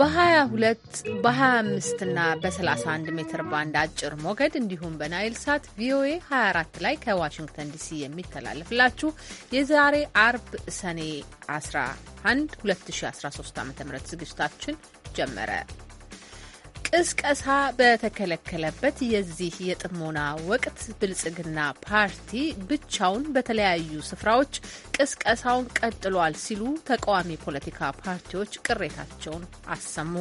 በ22 በ25 እና በ31 ሜትር ባንድ አጭር ሞገድ እንዲሁም በናይል ሳት ቪኦኤ 24 ላይ ከዋሽንግተን ዲሲ የሚተላለፍላችሁ የዛሬ አርብ ሰኔ 11 2013 ዓ ም ዝግጅታችን ጀመረ። ቅስቀሳ በተከለከለበት የዚህ የጥሞና ወቅት ብልጽግና ፓርቲ ብቻውን በተለያዩ ስፍራዎች ቅስቀሳውን ቀጥሏል ሲሉ ተቃዋሚ ፖለቲካ ፓርቲዎች ቅሬታቸውን አሰሙ።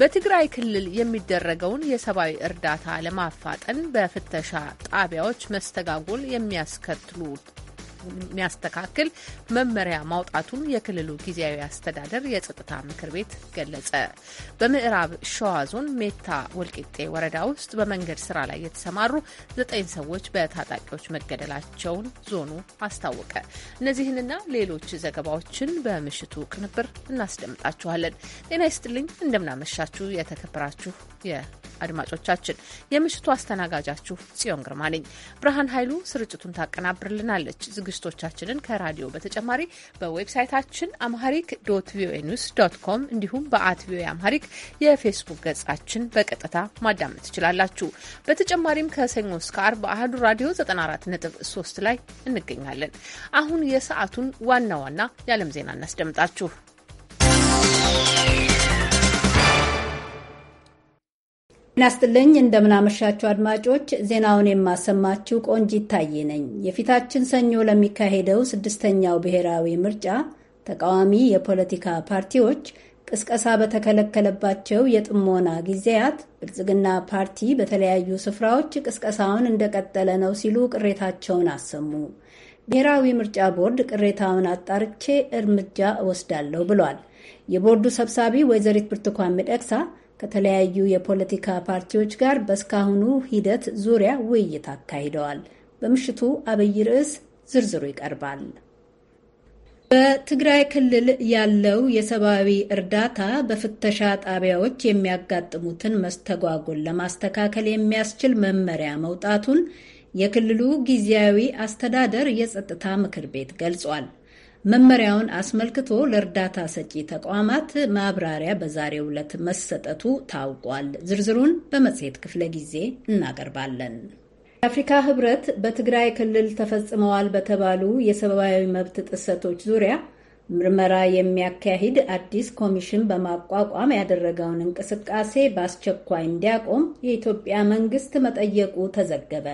በትግራይ ክልል የሚደረገውን የሰብአዊ እርዳታ ለማፋጠን በፍተሻ ጣቢያዎች መስተጋጎል የሚያስከትሉ የሚያስተካክል መመሪያ ማውጣቱን የክልሉ ጊዜያዊ አስተዳደር የጸጥታ ምክር ቤት ገለጸ። በምዕራብ ሸዋ ዞን ሜታ ወልቂጤ ወረዳ ውስጥ በመንገድ ስራ ላይ የተሰማሩ ዘጠኝ ሰዎች በታጣቂዎች መገደላቸውን ዞኑ አስታወቀ። እነዚህንና ሌሎች ዘገባዎችን በምሽቱ ቅንብር እናስደምጣችኋለን። ጤና ይስጥልኝ፣ እንደምናመሻችሁ የተከበራችሁ የአድማጮቻችን የምሽቱ አስተናጋጃችሁ ጽዮን ግርማ ነኝ። ብርሃን ኃይሉ ስርጭቱን ታቀናብርልናለች። ዝግጅቶቻችንን ከራዲዮ በተጨማሪ በዌብሳይታችን አምሃሪክ ዶት ቪኦኤ ኒውስ ዶት ኮም እንዲሁም በአት ቪኦኤ አምሃሪክ የፌስቡክ ገጻችን በቀጥታ ማዳመጥ ትችላላችሁ። በተጨማሪም ከሰኞ እስከ አርብ አህዱ ራዲዮ 94.3 ላይ እንገኛለን። አሁን የሰዓቱን ዋና ዋና የዓለም ዜና እናስደምጣችሁ። ናስትልኝ እንደምናመሻችሁ አድማጮች፣ ዜናውን የማሰማችሁ ቆንጂ ይታየ ነኝ። የፊታችን ሰኞ ለሚካሄደው ስድስተኛው ብሔራዊ ምርጫ ተቃዋሚ የፖለቲካ ፓርቲዎች ቅስቀሳ በተከለከለባቸው የጥሞና ጊዜያት ብልጽግና ፓርቲ በተለያዩ ስፍራዎች ቅስቀሳውን እንደቀጠለ ነው ሲሉ ቅሬታቸውን አሰሙ። ብሔራዊ ምርጫ ቦርድ ቅሬታውን አጣርቼ እርምጃ እወስዳለሁ ብሏል። የቦርዱ ሰብሳቢ ወይዘሪት ብርቱካን ሚደቅሳ ከተለያዩ የፖለቲካ ፓርቲዎች ጋር በእስካሁኑ ሂደት ዙሪያ ውይይት አካሂደዋል። በምሽቱ አብይ ርዕስ ዝርዝሩ ይቀርባል። በትግራይ ክልል ያለው የሰብአዊ እርዳታ በፍተሻ ጣቢያዎች የሚያጋጥሙትን መስተጓጎል ለማስተካከል የሚያስችል መመሪያ መውጣቱን የክልሉ ጊዜያዊ አስተዳደር የጸጥታ ምክር ቤት ገልጿል። መመሪያውን አስመልክቶ ለእርዳታ ሰጪ ተቋማት ማብራሪያ በዛሬው ዕለት መሰጠቱ ታውቋል። ዝርዝሩን በመጽሔት ክፍለ ጊዜ እናቀርባለን። የአፍሪካ ህብረት በትግራይ ክልል ተፈጽመዋል በተባሉ የሰብአዊ መብት ጥሰቶች ዙሪያ ምርመራ የሚያካሂድ አዲስ ኮሚሽን በማቋቋም ያደረገውን እንቅስቃሴ በአስቸኳይ እንዲያቆም የኢትዮጵያ መንግስት መጠየቁ ተዘገበ።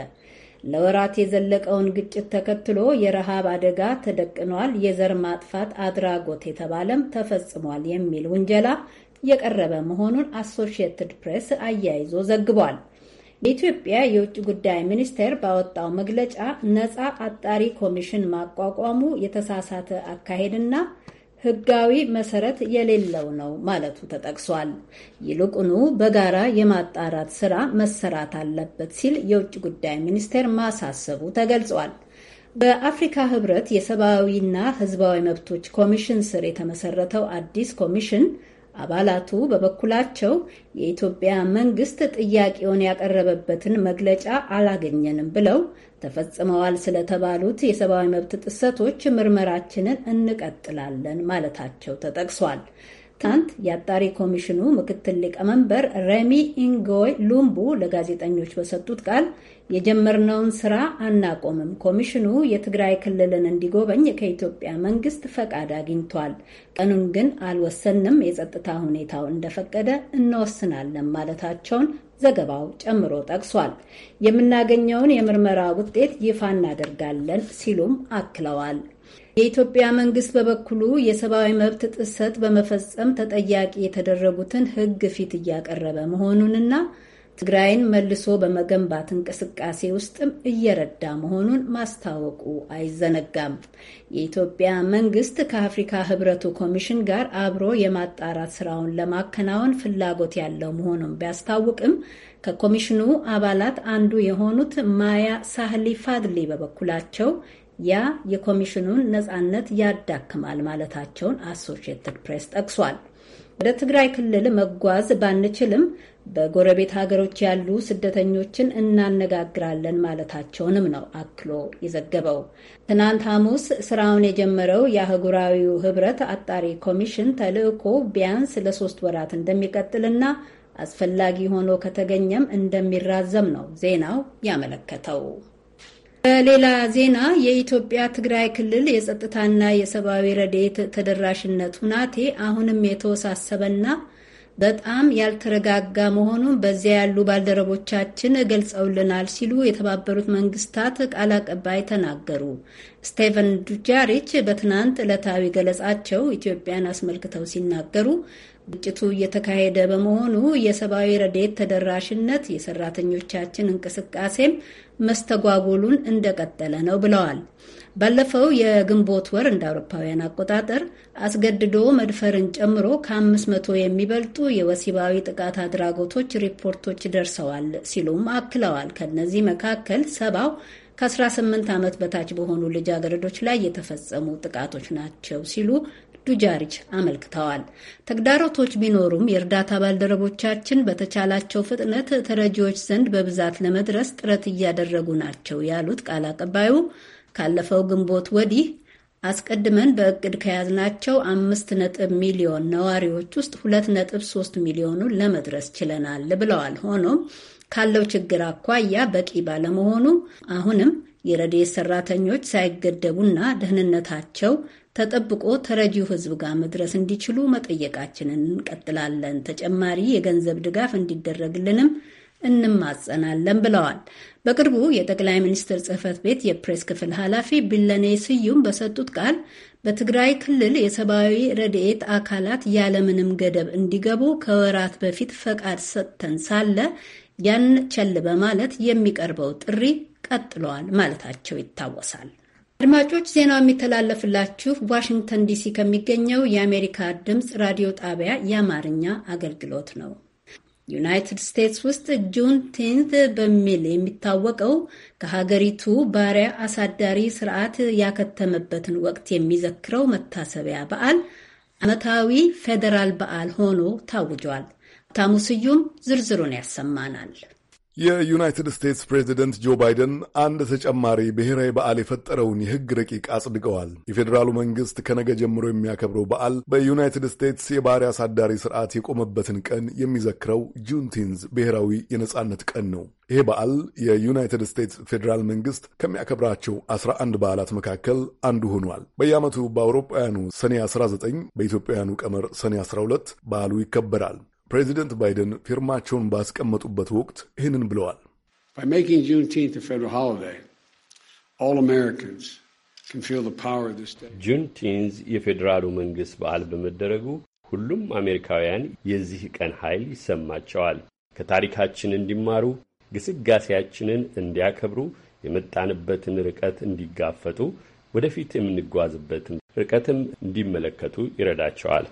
ለወራት የዘለቀውን ግጭት ተከትሎ የረሃብ አደጋ ተደቅኗል፣ የዘር ማጥፋት አድራጎት የተባለም ተፈጽሟል የሚል ውንጀላ የቀረበ መሆኑን አሶሺየትድ ፕሬስ አያይዞ ዘግቧል። የኢትዮጵያ የውጭ ጉዳይ ሚኒስቴር ባወጣው መግለጫ ነፃ አጣሪ ኮሚሽን ማቋቋሙ የተሳሳተ አካሄድና ሕጋዊ መሰረት የሌለው ነው ማለቱ ተጠቅሷል። ይልቁኑ በጋራ የማጣራት ስራ መሰራት አለበት ሲል የውጭ ጉዳይ ሚኒስቴር ማሳሰቡ ተገልጿል። በአፍሪካ ህብረት የሰብአዊና ህዝባዊ መብቶች ኮሚሽን ስር የተመሰረተው አዲስ ኮሚሽን አባላቱ በበኩላቸው የኢትዮጵያ መንግስት ጥያቄውን ያቀረበበትን መግለጫ አላገኘንም ብለው ተፈጽመዋል ስለተባሉት የሰብአዊ መብት ጥሰቶች ምርመራችንን እንቀጥላለን ማለታቸው ተጠቅሷል። ትናንት የአጣሪ ኮሚሽኑ ምክትል ሊቀመንበር ረሚ ኢንጎይ ሉምቡ ለጋዜጠኞች በሰጡት ቃል የጀመርነውን ስራ አናቆምም፣ ኮሚሽኑ የትግራይ ክልልን እንዲጎበኝ ከኢትዮጵያ መንግስት ፈቃድ አግኝቷል፣ ቀኑን ግን አልወሰንም፣ የጸጥታ ሁኔታው እንደፈቀደ እንወስናለን ማለታቸውን ዘገባው ጨምሮ ጠቅሷል። የምናገኘውን የምርመራ ውጤት ይፋ እናደርጋለን ሲሉም አክለዋል። የኢትዮጵያ መንግስት በበኩሉ የሰብአዊ መብት ጥሰት በመፈጸም ተጠያቂ የተደረጉትን ህግ ፊት እያቀረበ መሆኑንና ትግራይን መልሶ በመገንባት እንቅስቃሴ ውስጥም እየረዳ መሆኑን ማስታወቁ አይዘነጋም። የኢትዮጵያ መንግስት ከአፍሪካ ህብረቱ ኮሚሽን ጋር አብሮ የማጣራት ስራውን ለማከናወን ፍላጎት ያለው መሆኑን ቢያስታውቅም ከኮሚሽኑ አባላት አንዱ የሆኑት ማያ ሳህሊ ፋድሊ በበኩላቸው ያ የኮሚሽኑን ነጻነት ያዳክማል ማለታቸውን አሶሺየትድ ፕሬስ ጠቅሷል። ወደ ትግራይ ክልል መጓዝ ባንችልም በጎረቤት ሀገሮች ያሉ ስደተኞችን እናነጋግራለን ማለታቸውንም ነው አክሎ የዘገበው። ትናንት ሐሙስ ስራውን የጀመረው የአህጉራዊው ህብረት አጣሪ ኮሚሽን ተልዕኮ ቢያንስ ለሶስት ወራት እንደሚቀጥልና አስፈላጊ ሆኖ ከተገኘም እንደሚራዘም ነው ዜናው ያመለከተው። በሌላ ዜና የኢትዮጵያ ትግራይ ክልል የጸጥታና የሰብአዊ ረድኤት ተደራሽነት ሁናቴ አሁንም የተወሳሰበና በጣም ያልተረጋጋ መሆኑን በዚያ ያሉ ባልደረቦቻችን ገልጸውልናል ሲሉ የተባበሩት መንግስታት ቃል አቀባይ ተናገሩ። ስቴቨን ዱጃሪች በትናንት ዕለታዊ ገለጻቸው ኢትዮጵያን አስመልክተው ሲናገሩ ግጭቱ እየተካሄደ በመሆኑ የሰብአዊ ረዴት ተደራሽነት የሰራተኞቻችን እንቅስቃሴም መስተጓጎሉን እንደቀጠለ ነው ብለዋል። ባለፈው የግንቦት ወር እንደ አውሮፓውያን አቆጣጠር አስገድዶ መድፈርን ጨምሮ ከ500 የሚበልጡ የወሲባዊ ጥቃት አድራጎቶች ሪፖርቶች ደርሰዋል ሲሉም አክለዋል። ከነዚህ መካከል ሰባው ከ18 ዓመት በታች በሆኑ ልጃገረዶች ላይ የተፈጸሙ ጥቃቶች ናቸው ሲሉ ዱጃሪች አመልክተዋል። ተግዳሮቶች ቢኖሩም የእርዳታ ባልደረቦቻችን በተቻላቸው ፍጥነት ተረጂዎች ዘንድ በብዛት ለመድረስ ጥረት እያደረጉ ናቸው ያሉት ቃል አቀባዩ ካለፈው ግንቦት ወዲህ አስቀድመን በእቅድ ከያዝናቸው አምስት ነጥብ ሚሊዮን ነዋሪዎች ውስጥ ሁለት ነጥብ ሶስት ሚሊዮኑን ለመድረስ ችለናል ብለዋል። ሆኖም ካለው ችግር አኳያ በቂ ባለመሆኑ አሁንም የረድኤት ሰራተኞች ሳይገደቡና ደህንነታቸው ተጠብቆ ተረጂው ህዝብ ጋር መድረስ እንዲችሉ መጠየቃችንን እንቀጥላለን። ተጨማሪ የገንዘብ ድጋፍ እንዲደረግልንም እንማጸናለን ብለዋል። በቅርቡ የጠቅላይ ሚኒስትር ጽህፈት ቤት የፕሬስ ክፍል ኃላፊ ቢለኔ ስዩም በሰጡት ቃል በትግራይ ክልል የሰብአዊ ረድኤት አካላት ያለምንም ገደብ እንዲገቡ ከወራት በፊት ፈቃድ ሰጥተን ሳለ ያን ቸል በማለት የሚቀርበው ጥሪ ቀጥለዋል ማለታቸው ይታወሳል። አድማጮች ዜናው የሚተላለፍላችሁ ዋሽንግተን ዲሲ ከሚገኘው የአሜሪካ ድምፅ ራዲዮ ጣቢያ የአማርኛ አገልግሎት ነው። ዩናይትድ ስቴትስ ውስጥ ጁን ቲንት በሚል የሚታወቀው ከሀገሪቱ ባሪያ አሳዳሪ ስርዓት ያከተመበትን ወቅት የሚዘክረው መታሰቢያ በዓል ዓመታዊ ፌዴራል በዓል ሆኖ ታውጇል። ታሙ ስዩም ዝርዝሩን ያሰማናል። የዩናይትድ ስቴትስ ፕሬዚደንት ጆ ባይደን አንድ ተጨማሪ ብሔራዊ በዓል የፈጠረውን የሕግ ረቂቅ አጽድቀዋል። የፌዴራሉ መንግስት ከነገ ጀምሮ የሚያከብረው በዓል በዩናይትድ ስቴትስ የባሪያ አሳዳሪ ስርዓት የቆመበትን ቀን የሚዘክረው ጁንቲንዝ ብሔራዊ የነጻነት ቀን ነው። ይሄ በዓል የዩናይትድ ስቴትስ ፌዴራል መንግስት ከሚያከብራቸው 11 በዓላት መካከል አንዱ ሆኗል። በየዓመቱ በአውሮፓውያኑ ሰኔ 19 በኢትዮጵያውያኑ ቀመር ሰኔ 12 በዓሉ ይከበራል። ፕሬዚደንት ባይደን ፊርማቸውን ባስቀመጡበት ወቅት ይህንን ብለዋል። ጁንቲንዝ የፌዴራሉ መንግሥት በዓል በመደረጉ ሁሉም አሜሪካውያን የዚህ ቀን ኃይል ይሰማቸዋል። ከታሪካችን እንዲማሩ፣ ግስጋሴያችንን እንዲያከብሩ፣ የመጣንበትን ርቀት እንዲጋፈጡ፣ ወደፊት የምንጓዝበትን ርቀትም እንዲመለከቱ ይረዳቸዋል።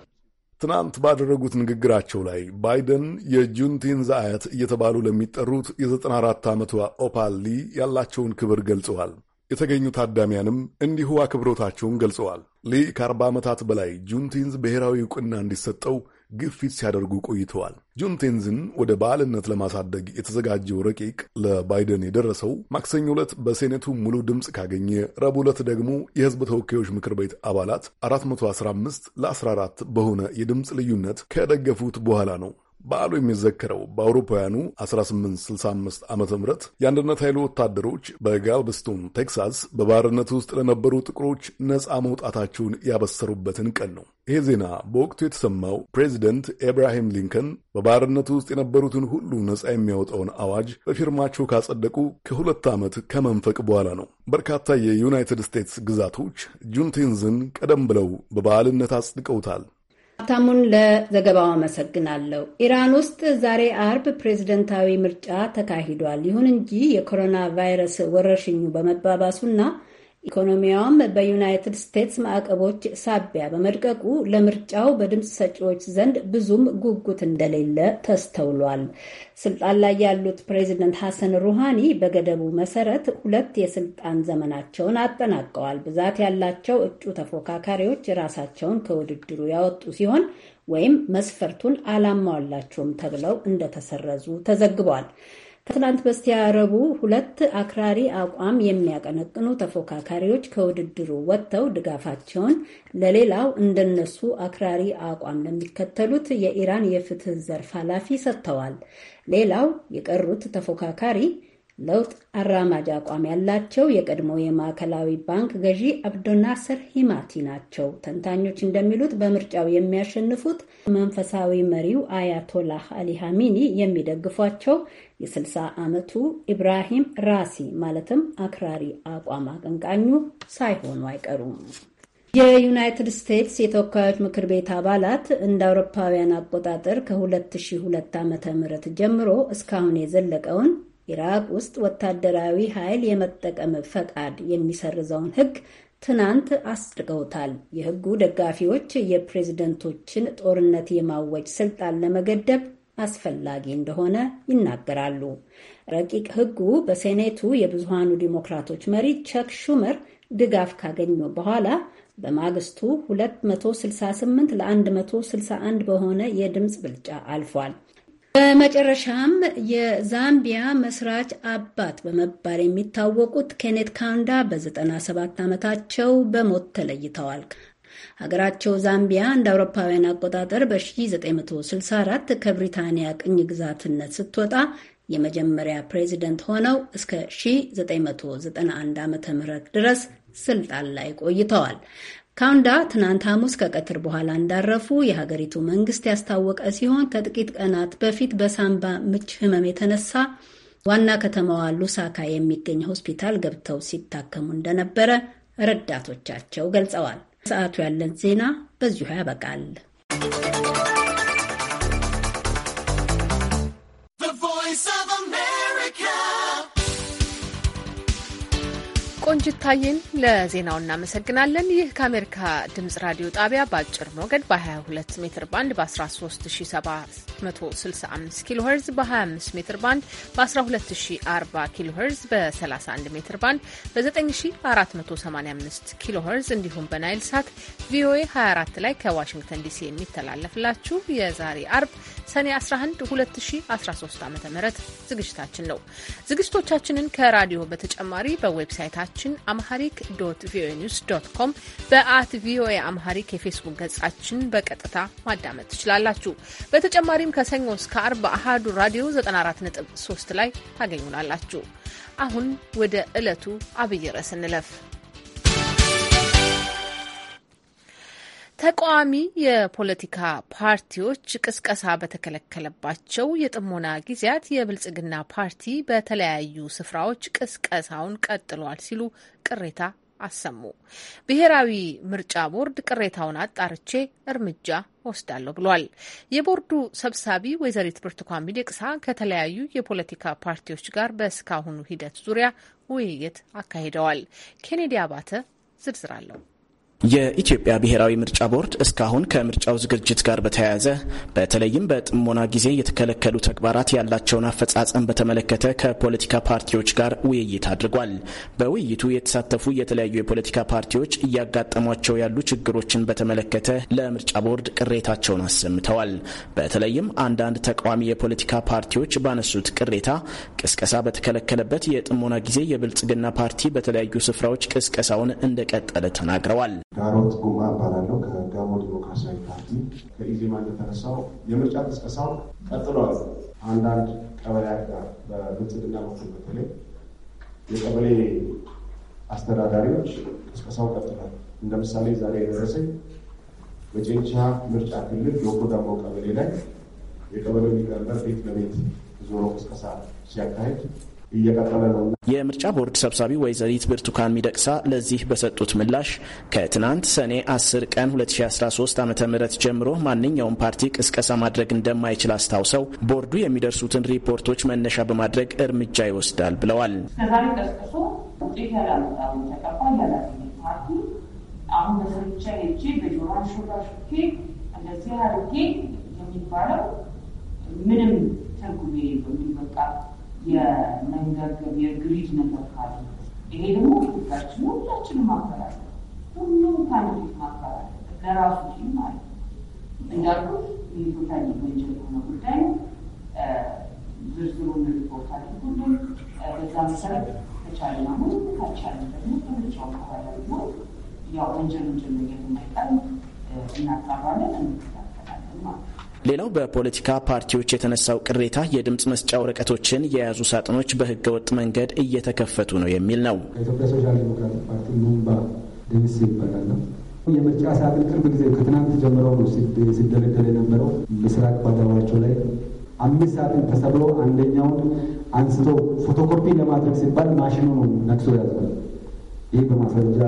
ትናንት ባደረጉት ንግግራቸው ላይ ባይደን የጁንቲን ዛአያት እየተባሉ ለሚጠሩት የ94 ዓመቷ ኦፓል ሊ ያላቸውን ክብር ገልጸዋል። የተገኙ ታዳሚያንም እንዲሁ አክብሮታቸውን ገልጸዋል። ሊ ከ40 ዓመታት በላይ ጁንቲንዝ ብሔራዊ ዕውቅና እንዲሰጠው ግፊት ሲያደርጉ ቆይተዋል። ጆን ቴንዝን ወደ በዓልነት ለማሳደግ የተዘጋጀው ረቂቅ ለባይደን የደረሰው ማክሰኞ ዕለት በሴኔቱ ሙሉ ድምፅ ካገኘ ረቡዕ ዕለት ደግሞ የሕዝብ ተወካዮች ምክር ቤት አባላት 415 ለ14 በሆነ የድምፅ ልዩነት ከደገፉት በኋላ ነው። በዓሉ የሚዘከረው በአውሮፓውያኑ 1865 ዓ ም የአንድነት ኃይሉ ወታደሮች በጋልብስቶን ቴክሳስ በባርነት ውስጥ ለነበሩ ጥቁሮች ነፃ መውጣታቸውን ያበሰሩበትን ቀን ነው። ይህ ዜና በወቅቱ የተሰማው ፕሬዚደንት ኤብራሂም ሊንከን በባርነት ውስጥ የነበሩትን ሁሉ ነፃ የሚያወጣውን አዋጅ በፊርማቸው ካጸደቁ ከሁለት ዓመት ከመንፈቅ በኋላ ነው። በርካታ የዩናይትድ ስቴትስ ግዛቶች ጁንቴንዝን ቀደም ብለው በበዓልነት አጽድቀውታል። ሀብታሙን ለዘገባው አመሰግናለሁ። ኢራን ውስጥ ዛሬ አርብ ፕሬዝደንታዊ ምርጫ ተካሂዷል። ይሁን እንጂ የኮሮና ቫይረስ ወረርሽኙ በመባባሱና ኢኮኖሚያውም በዩናይትድ ስቴትስ ማዕቀቦች ሳቢያ በመድቀቁ ለምርጫው በድምፅ ሰጪዎች ዘንድ ብዙም ጉጉት እንደሌለ ተስተውሏል። ስልጣን ላይ ያሉት ፕሬዚደንት ሐሰን ሩሃኒ በገደቡ መሰረት ሁለት የስልጣን ዘመናቸውን አጠናቀዋል። ብዛት ያላቸው እጩ ተፎካካሪዎች ራሳቸውን ከውድድሩ ያወጡ ሲሆን ወይም መስፈርቱን አላሟላችሁም ተብለው እንደተሰረዙ ተዘግቧል። ከትላንት በስቲያ ረቡዕ ሁለት አክራሪ አቋም የሚያቀነቅኑ ተፎካካሪዎች ከውድድሩ ወጥተው ድጋፋቸውን ለሌላው እንደነሱ አክራሪ አቋም ለሚከተሉት የኢራን የፍትህ ዘርፍ ኃላፊ ሰጥተዋል። ሌላው የቀሩት ተፎካካሪ ለውጥ አራማጅ አቋም ያላቸው የቀድሞ የማዕከላዊ ባንክ ገዢ አብዶናስር ሂማቲ ናቸው። ተንታኞች እንደሚሉት በምርጫው የሚያሸንፉት መንፈሳዊ መሪው አያቶላህ አሊ የሚደግፏቸው የ60 ዓመቱ ኢብራሂም ራሲ ማለትም አክራሪ አቋም አቀንቃኙ ሳይሆኑ አይቀሩም። የዩናይትድ ስቴትስ የተወካዮች ምክር ቤት አባላት እንደ አውሮፓውያን አቆጣጠር ከ2002 ም ጀምሮ እስካሁን የዘለቀውን ኢራቅ ውስጥ ወታደራዊ ኃይል የመጠቀም ፈቃድ የሚሰርዘውን ሕግ ትናንት አስድገውታል። የሕጉ ደጋፊዎች የፕሬዝደንቶችን ጦርነት የማወጅ ስልጣን ለመገደብ አስፈላጊ እንደሆነ ይናገራሉ። ረቂቅ ሕጉ በሴኔቱ የብዙሃኑ ዲሞክራቶች መሪ ቸክ ሹመር ድጋፍ ካገኙ በኋላ በማግስቱ 268 ለ161 በሆነ የድምፅ ብልጫ አልፏል። በመጨረሻም የዛምቢያ መስራች አባት በመባል የሚታወቁት ኬኔት ካውንዳ በ97 ዓመታቸው በሞት ተለይተዋል። ሀገራቸው ዛምቢያ እንደ አውሮፓውያን አቆጣጠር በ1964 ከብሪታንያ ቅኝ ግዛትነት ስትወጣ የመጀመሪያ ፕሬዚደንት ሆነው እስከ 1991 ዓ ም ድረስ ስልጣን ላይ ቆይተዋል። ካውንዳ ትናንት ሐሙስ ከቀትር በኋላ እንዳረፉ የሀገሪቱ መንግስት ያስታወቀ ሲሆን ከጥቂት ቀናት በፊት በሳምባ ምች ህመም የተነሳ ዋና ከተማዋ ሉሳካ የሚገኝ ሆስፒታል ገብተው ሲታከሙ እንደነበረ ረዳቶቻቸው ገልጸዋል። ሰዓቱ ያለን ዜና በዚሁ ያበቃል። ቆንጅታዬን ለዜናው እናመሰግናለን። ይህ ከአሜሪካ ድምጽ ራዲዮ ጣቢያ በአጭር ሞገድ በ22 ሜትር ባንድ በ13765 ኪሎ ሄርዝ በ25 ሜትር ባንድ በ1240 ኪሎ ሄርዝ በ31 ሜትር ባንድ በ9485 ኪሎ ሄርዝ እንዲሁም በናይል ሳት ቪኦኤ 24 ላይ ከዋሽንግተን ዲሲ የሚተላለፍላችሁ የዛሬ አርብ ሰኔ 11 2013 ዓ ም ዝግጅታችን ነው። ዝግጅቶቻችንን ከራዲዮ በተጨማሪ በዌብሳይታችን ድረገጻችን አምሃሪክ ዶት ቪኦኤ ኒውስ ዶት ኮም፣ በአት ቪኦኤ አምሃሪክ የፌስቡክ ገጻችን በቀጥታ ማዳመጥ ትችላላችሁ። በተጨማሪም ከሰኞ እስከ አርብ አሃዱ ራዲዮ 94.3 ላይ ታገኙናላችሁ። አሁን ወደ ዕለቱ አብይ ርዕስ እንለፍ። ተቃዋሚ የፖለቲካ ፓርቲዎች ቅስቀሳ በተከለከለባቸው የጥሞና ጊዜያት የብልጽግና ፓርቲ በተለያዩ ስፍራዎች ቅስቀሳውን ቀጥሏል ሲሉ ቅሬታ አሰሙ። ብሔራዊ ምርጫ ቦርድ ቅሬታውን አጣርቼ እርምጃ ወስዳለሁ ብሏል። የቦርዱ ሰብሳቢ ወይዘሪት ብርቱካን ሚደቅሳ ከተለያዩ የፖለቲካ ፓርቲዎች ጋር በእስካሁኑ ሂደት ዙሪያ ውይይት አካሂደዋል። ኬኔዲ አባተ ዝርዝር አለው። የኢትዮጵያ ብሔራዊ ምርጫ ቦርድ እስካሁን ከምርጫው ዝግጅት ጋር በተያያዘ በተለይም በጥሞና ጊዜ የተከለከሉ ተግባራት ያላቸውን አፈጻጸም በተመለከተ ከፖለቲካ ፓርቲዎች ጋር ውይይት አድርጓል። በውይይቱ የተሳተፉ የተለያዩ የፖለቲካ ፓርቲዎች እያጋጠሟቸው ያሉ ችግሮችን በተመለከተ ለምርጫ ቦርድ ቅሬታቸውን አሰምተዋል። በተለይም አንዳንድ ተቃዋሚ የፖለቲካ ፓርቲዎች ባነሱት ቅሬታ ቅስቀሳ በተከለከለበት የጥሞና ጊዜ የብልጽግና ፓርቲ በተለያዩ ስፍራዎች ቅስቀሳውን እንደቀጠለ ተናግረዋል። ጋሮት ጉማ እባላለሁ። ከጋሞ ዲሞክራሲያዊ ፓርቲ ከኢዜማ እንደተነሳው የምርጫ ቅስቀሳው ቀጥለዋል። አንዳንድ ቀበሌያት ጋር በብልጽግና በኩል በተለይ የቀበሌ አስተዳዳሪዎች ቅስቀሳው ቀጥሏል። እንደምሳሌ ዛሬ የደረሰኝ በጨንቻ ምርጫ ክልል ዶኮ ዳሞ ቀበሌ ላይ የቀበሌው ሊቀመንበር ቤት ለቤት ዞሮ ቅስቀሳ ሲያካሄድ እየቀጠለ ነው። የምርጫ ቦርድ ሰብሳቢ ወይዘሪት ብርቱካን ሚደቅሳ ለዚህ በሰጡት ምላሽ ከትናንት ሰኔ 10 ቀን 2013 ዓ ም ጀምሮ ማንኛውም ፓርቲ ቅስቀሳ ማድረግ እንደማይችል አስታውሰው ቦርዱ የሚደርሱትን ሪፖርቶች መነሻ በማድረግ እርምጃ ይወስዳል ብለዋል። አሁን በጆሮን ሹኬ እንደዚህ አድርጌ የሚባለው ምንም ተጉሜ በሚበቃ የመንገገብ የግሪድ ነገር ካለ ይሄ ደግሞ ሁላችን ሁላችንም ማክበር አለ። ሁሉም ካንዲት ማክበር ለራሱ ሲል ማለት እንዳልኩ ኢትዮጵያ ወንጀል የሆነ ጉዳይ ዝርዝሩን ሪፖርት አድርጉልን። በዛ መሰረት ከቻለ አሁን ካቻለ ደግሞ ከምርጫው በኋላ ደግሞ ያው ወንጀል ወንጀል ነገር የማይቀር እናጣራለን፣ እንከታተላለን ማለት ነው። ሌላው በፖለቲካ ፓርቲዎች የተነሳው ቅሬታ የድምፅ መስጫ ወረቀቶችን የያዙ ሳጥኖች በህገወጥ መንገድ እየተከፈቱ ነው የሚል ነው። የኢትዮጵያ ሶሻል ዲሞክራቲክ ፓርቲ ይባላል የምርጫ ሳጥን ቅርብ ጊዜ ከትናንት ጀምሮ ነው ሲደረደር የነበረው። ምስራቅ ባዳዋቸው ላይ አምስት ሳጥን ተሰብሮ አንደኛውን አንስቶ ፎቶኮፒ ለማድረግ ሲባል ማሽኑ ነው ነክሶ ያዘ። ይህ በማስረጃ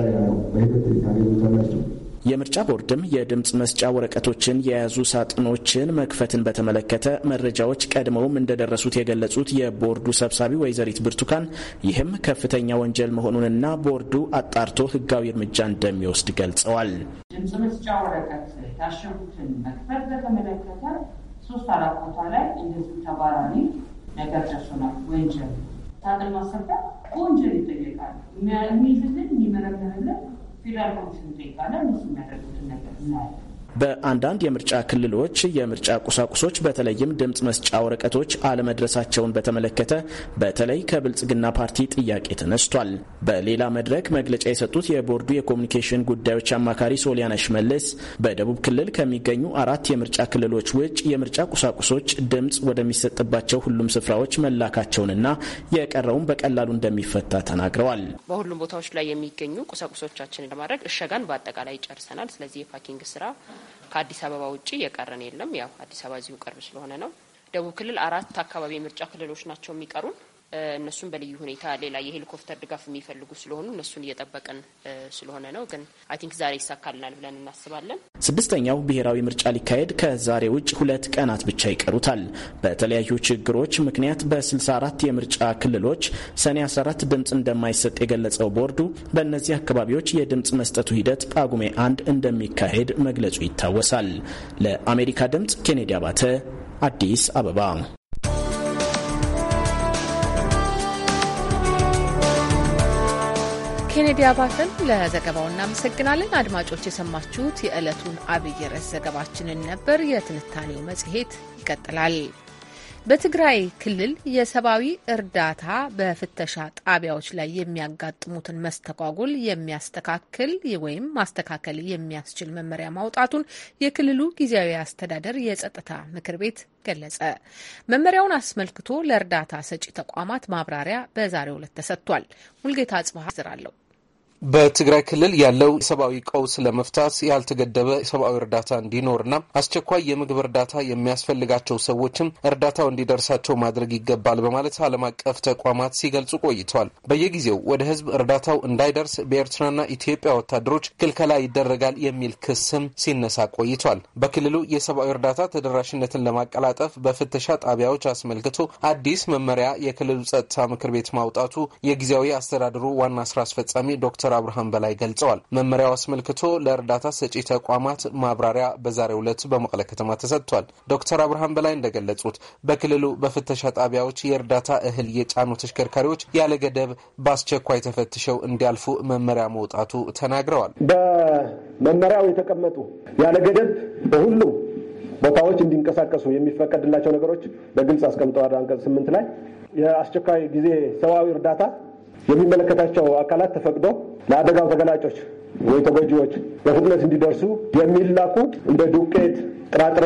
በሂደት ታገኙታላችሁ። የምርጫ ቦርድም የድምፅ መስጫ ወረቀቶችን የያዙ ሳጥኖችን መክፈትን በተመለከተ መረጃዎች ቀድመውም እንደደረሱት የገለጹት የቦርዱ ሰብሳቢ ወይዘሪት ብርቱካን ይህም ከፍተኛ ወንጀል መሆኑንና ቦርዱ አጣርቶ ሕጋዊ እርምጃ እንደሚወስድ ገልጸዋል። ድምፅ መስጫ ወረቀት ያሸጉትን መክፈት በተመለከተ ሶስት አራት ቦታ ላይ እንደዚህ ተባራሪ ነገር ደርሶናል። ወንጀል ሳጥን ማሰርታ ወንጀል ይጠየቃል። የሚይዝልን የሚመረምርልን ፌዴራል ኮሚሽኑ እነሱ የሚያደርጉትን ነገር እናያለን። በአንዳንድ የምርጫ ክልሎች የምርጫ ቁሳቁሶች በተለይም ድምፅ መስጫ ወረቀቶች አለመድረሳቸውን በተመለከተ በተለይ ከብልጽግና ፓርቲ ጥያቄ ተነስቷል። በሌላ መድረክ መግለጫ የሰጡት የቦርዱ የኮሚኒኬሽን ጉዳዮች አማካሪ ሶሊያና ሽመልስ በደቡብ ክልል ከሚገኙ አራት የምርጫ ክልሎች ውጭ የምርጫ ቁሳቁሶች ድምፅ ወደሚሰጥባቸው ሁሉም ስፍራዎች መላካቸውንና የቀረውን በቀላሉ እንደሚፈታ ተናግረዋል። በሁሉም ቦታዎች ላይ የሚገኙ ቁሳቁሶቻችንን ለማድረግ እሸጋን በአጠቃላይ ጨርሰናል። ስለዚህ የፓኪንግ ስራ ከአዲስ አበባ ውጭ የቀረን የለም። ያው አዲስ አበባ እዚሁ ቅርብ ስለሆነ ነው። ደቡብ ክልል አራት አካባቢ የምርጫ ክልሎች ናቸው የሚቀሩን። እነሱን በልዩ ሁኔታ ሌላ የሄሊኮፕተር ድጋፍ የሚፈልጉ ስለሆኑ እነሱን እየጠበቅን ስለሆነ ነው። ግን አይ ቲንክ ዛሬ ይሳካልናል ብለን እናስባለን። ስድስተኛው ብሔራዊ ምርጫ ሊካሄድ ከዛሬ ውጭ ሁለት ቀናት ብቻ ይቀሩታል። በተለያዩ ችግሮች ምክንያት በ64 የምርጫ ክልሎች ሰኔ 14 ድምፅ እንደማይሰጥ የገለጸው ቦርዱ በእነዚህ አካባቢዎች የድምፅ መስጠቱ ሂደት ጳጉሜ አንድ እንደሚካሄድ መግለጹ ይታወሳል። ለአሜሪካ ድምፅ ኬኔዲ አባተ አዲስ አበባ ኬኔዲ አባተን ለዘገባው እናመሰግናለን። አድማጮች የሰማችሁት የዕለቱን አብይ ርዕስ ዘገባችንን ነበር። የትንታኔው መጽሔት ይቀጥላል። በትግራይ ክልል የሰብአዊ እርዳታ በፍተሻ ጣቢያዎች ላይ የሚያጋጥሙትን መስተጓጉል የሚያስተካክል ወይም ማስተካከል የሚያስችል መመሪያ ማውጣቱን የክልሉ ጊዜያዊ አስተዳደር የጸጥታ ምክር ቤት ገለጸ። መመሪያውን አስመልክቶ ለእርዳታ ሰጪ ተቋማት ማብራሪያ በዛሬው ዕለት ተሰጥቷል። ሙልጌታ አጽባሃ ዝራለሁ በትግራይ ክልል ያለው ሰብአዊ ቀውስ ለመፍታት ያልተገደበ ሰብአዊ እርዳታ እንዲኖርና አስቸኳይ የምግብ እርዳታ የሚያስፈልጋቸው ሰዎችም እርዳታው እንዲደርሳቸው ማድረግ ይገባል በማለት ዓለም አቀፍ ተቋማት ሲገልጹ ቆይተዋል። በየጊዜው ወደ ህዝብ እርዳታው እንዳይደርስ በኤርትራና ኢትዮጵያ ወታደሮች ክልከላ ይደረጋል የሚል ክስም ሲነሳ ቆይቷል። በክልሉ የሰብአዊ እርዳታ ተደራሽነትን ለማቀላጠፍ በፍተሻ ጣቢያዎች አስመልክቶ አዲስ መመሪያ የክልሉ ጸጥታ ምክር ቤት ማውጣቱ የጊዜያዊ አስተዳደሩ ዋና ስራ አስፈጻሚ ዶክተር ዶክተር አብርሃም በላይ ገልጸዋል። መመሪያው አስመልክቶ ለእርዳታ ሰጪ ተቋማት ማብራሪያ በዛሬው ዕለት በመቀለ ከተማ ተሰጥቷል። ዶክተር አብርሃም በላይ እንደገለጹት በክልሉ በፍተሻ ጣቢያዎች የእርዳታ እህል የጫኑ ተሽከርካሪዎች ያለ ገደብ በአስቸኳይ ተፈትሸው እንዲያልፉ መመሪያ መውጣቱ ተናግረዋል። በመመሪያው የተቀመጡ ያለ ገደብ በሁሉም ቦታዎች እንዲንቀሳቀሱ የሚፈቀድላቸው ነገሮች በግልጽ አስቀምጠዋል። አንቀጽ ስምንት ላይ የአስቸኳይ ጊዜ ሰብአዊ እርዳታ የሚመለከታቸው አካላት ተፈቅዶ ለአደጋው ተገላጮች ወይ ተጎጂዎች በፍጥነት እንዲደርሱ የሚላኩ እንደ ዱቄት፣ ጥራጥሬ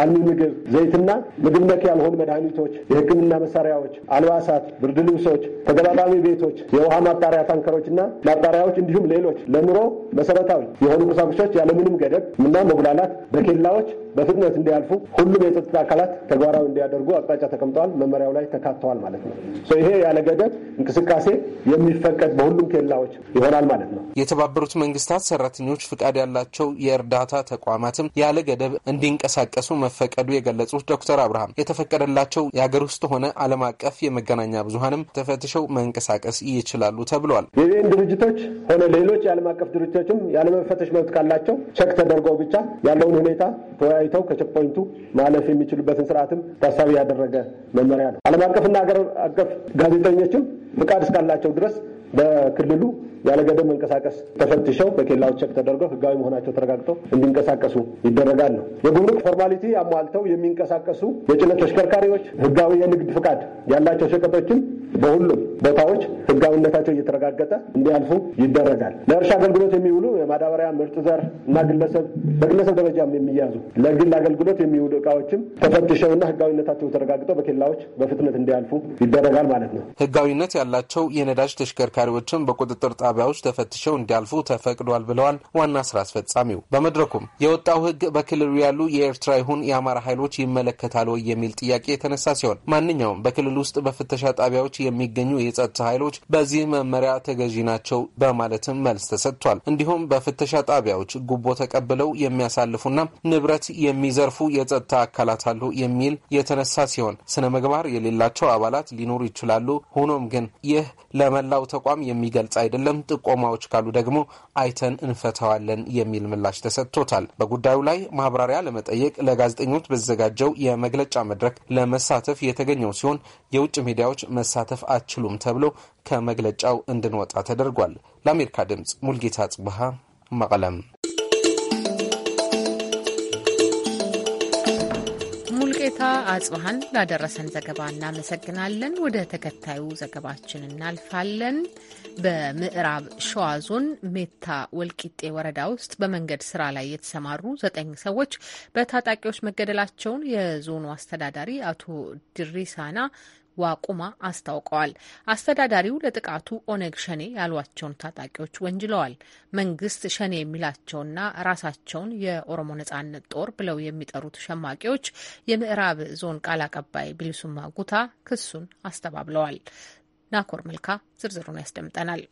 አልሚ ምግብ፣ ዘይትና ምግብ ነክ ያልሆኑ መድኃኒቶች፣ የሕክምና መሳሪያዎች፣ አልባሳት፣ ብርድ ልብሶች፣ ተገጣጣሚ ቤቶች፣ የውሃ ማጣሪያ ታንከሮችና ማጣሪያዎች እንዲሁም ሌሎች ለኑሮ መሰረታዊ የሆኑ ቁሳቁሶች ያለምንም ገደብ እና መጉላላት በኬላዎች በፍጥነት እንዲያልፉ ሁሉም የጸጥታ አካላት ተግባራዊ እንዲያደርጉ አቅጣጫ ተቀምጠዋል። መመሪያው ላይ ተካተዋል ማለት ነው። ይሄ ያለ ገደብ እንቅስቃሴ የሚፈቀድ በሁሉም ኬላዎች ይሆናል ማለት ነው። የተባበሩት መንግስታት ሰራተኞች ፍቃድ ያላቸው የእርዳታ ተቋማትም ያለ ገደብ እንዲንቀሳቀሱ መፈቀዱ የገለጹት ዶክተር አብርሃም የተፈቀደላቸው የሀገር ውስጥ ሆነ ዓለም አቀፍ የመገናኛ ብዙሀንም ተፈትሸው መንቀሳቀስ ይችላሉ ተብሏል። የዩኤን ድርጅቶች ሆነ ሌሎች የዓለም አቀፍ ድርጅቶችም ያለመፈተሽ መብት ካላቸው ቸክ ተደርገው ብቻ ያለውን ሁኔታ ተወያይተው ከቸክ ፖይንቱ ማለፍ የሚችሉበትን ስርዓትም ታሳቢ ያደረገ መመሪያ ነው። ዓለም አቀፍና ሀገር አቀፍ ጋዜጠኞችም ፍቃድ እስካላቸው ድረስ በክልሉ ያለ ገደብ መንቀሳቀስ ተፈትሸው በኬላው ቸክ ተደርገው ህጋዊ መሆናቸው ተረጋግጠው እንዲንቀሳቀሱ ይደረጋል ነው። የጉምሩክ ፎርማሊቲ አሟልተው የሚንቀሳቀሱ የጭነት ተሽከርካሪዎች ህጋዊ የንግድ ፍቃድ ያላቸው ሸቀጦችን በሁሉም ቦታዎች ህጋዊነታቸው እየተረጋገጠ እንዲያልፉ ይደረጋል። ለእርሻ አገልግሎት የሚውሉ የማዳበሪያ ምርጥ ዘር እና ግለሰብ በግለሰብ ደረጃም የሚያዙ ለግል አገልግሎት የሚውሉ እቃዎችም ተፈትሸውና ህጋዊነታቸው ተረጋግጠው በኬላዎች በፍጥነት እንዲያልፉ ይደረጋል ማለት ነው። ህጋዊነት ያላቸው የነዳጅ ተሽከርካሪዎችን በቁጥጥር ጣቢያ ጣቢያዎች ተፈትሸው እንዲያልፉ ተፈቅዷል ብለዋል ዋና ስራ አስፈጻሚው። በመድረኩም የወጣው ህግ በክልሉ ያሉ የኤርትራ ይሁን የአማራ ኃይሎች ይመለከታል ወይ የሚል ጥያቄ የተነሳ ሲሆን ማንኛውም በክልል ውስጥ በፍተሻ ጣቢያዎች የሚገኙ የጸጥታ ኃይሎች በዚህ መመሪያ ተገዢ ናቸው በማለትም መልስ ተሰጥቷል። እንዲሁም በፍተሻ ጣቢያዎች ጉቦ ተቀብለው የሚያሳልፉና ንብረት የሚዘርፉ የጸጥታ አካላት አሉ የሚል የተነሳ ሲሆን ስነ ምግባር የሌላቸው አባላት ሊኖሩ ይችላሉ። ሆኖም ግን ይህ ለመላው ተቋም የሚገልጽ አይደለም ሌላም ጥቆማዎች ካሉ ደግሞ አይተን እንፈታዋለን የሚል ምላሽ ተሰጥቶታል። በጉዳዩ ላይ ማብራሪያ ለመጠየቅ ለጋዜጠኞች በተዘጋጀው የመግለጫ መድረክ ለመሳተፍ የተገኘው ሲሆን የውጭ ሚዲያዎች መሳተፍ አችሉም ተብሎ ከመግለጫው እንድንወጣ ተደርጓል። ለአሜሪካ ድምጽ ሙልጌታ ጽብሃ መቀለም አጽባሀን ላደረሰን ዘገባ እናመሰግናለን። ወደ ተከታዩ ዘገባችን እናልፋለን። በምዕራብ ሸዋ ዞን ሜታ ወልቂጤ ወረዳ ውስጥ በመንገድ ስራ ላይ የተሰማሩ ዘጠኝ ሰዎች በታጣቂዎች መገደላቸውን የዞኑ አስተዳዳሪ አቶ ድሪሳና ዋቁማ አስታውቀዋል። አስተዳዳሪው ለጥቃቱ ኦነግ ሸኔ ያሏቸውን ታጣቂዎች ወንጅለዋል። መንግስት ሸኔ የሚላቸውና ራሳቸውን የኦሮሞ ነጻነት ጦር ብለው የሚጠሩት ሸማቂዎች የምዕራብ ዞን ቃል አቀባይ ቢልሱማ ጉታ ክሱን አስተባብለዋል። ናኮር መልካ ዝርዝሩን ያስደምጠናል።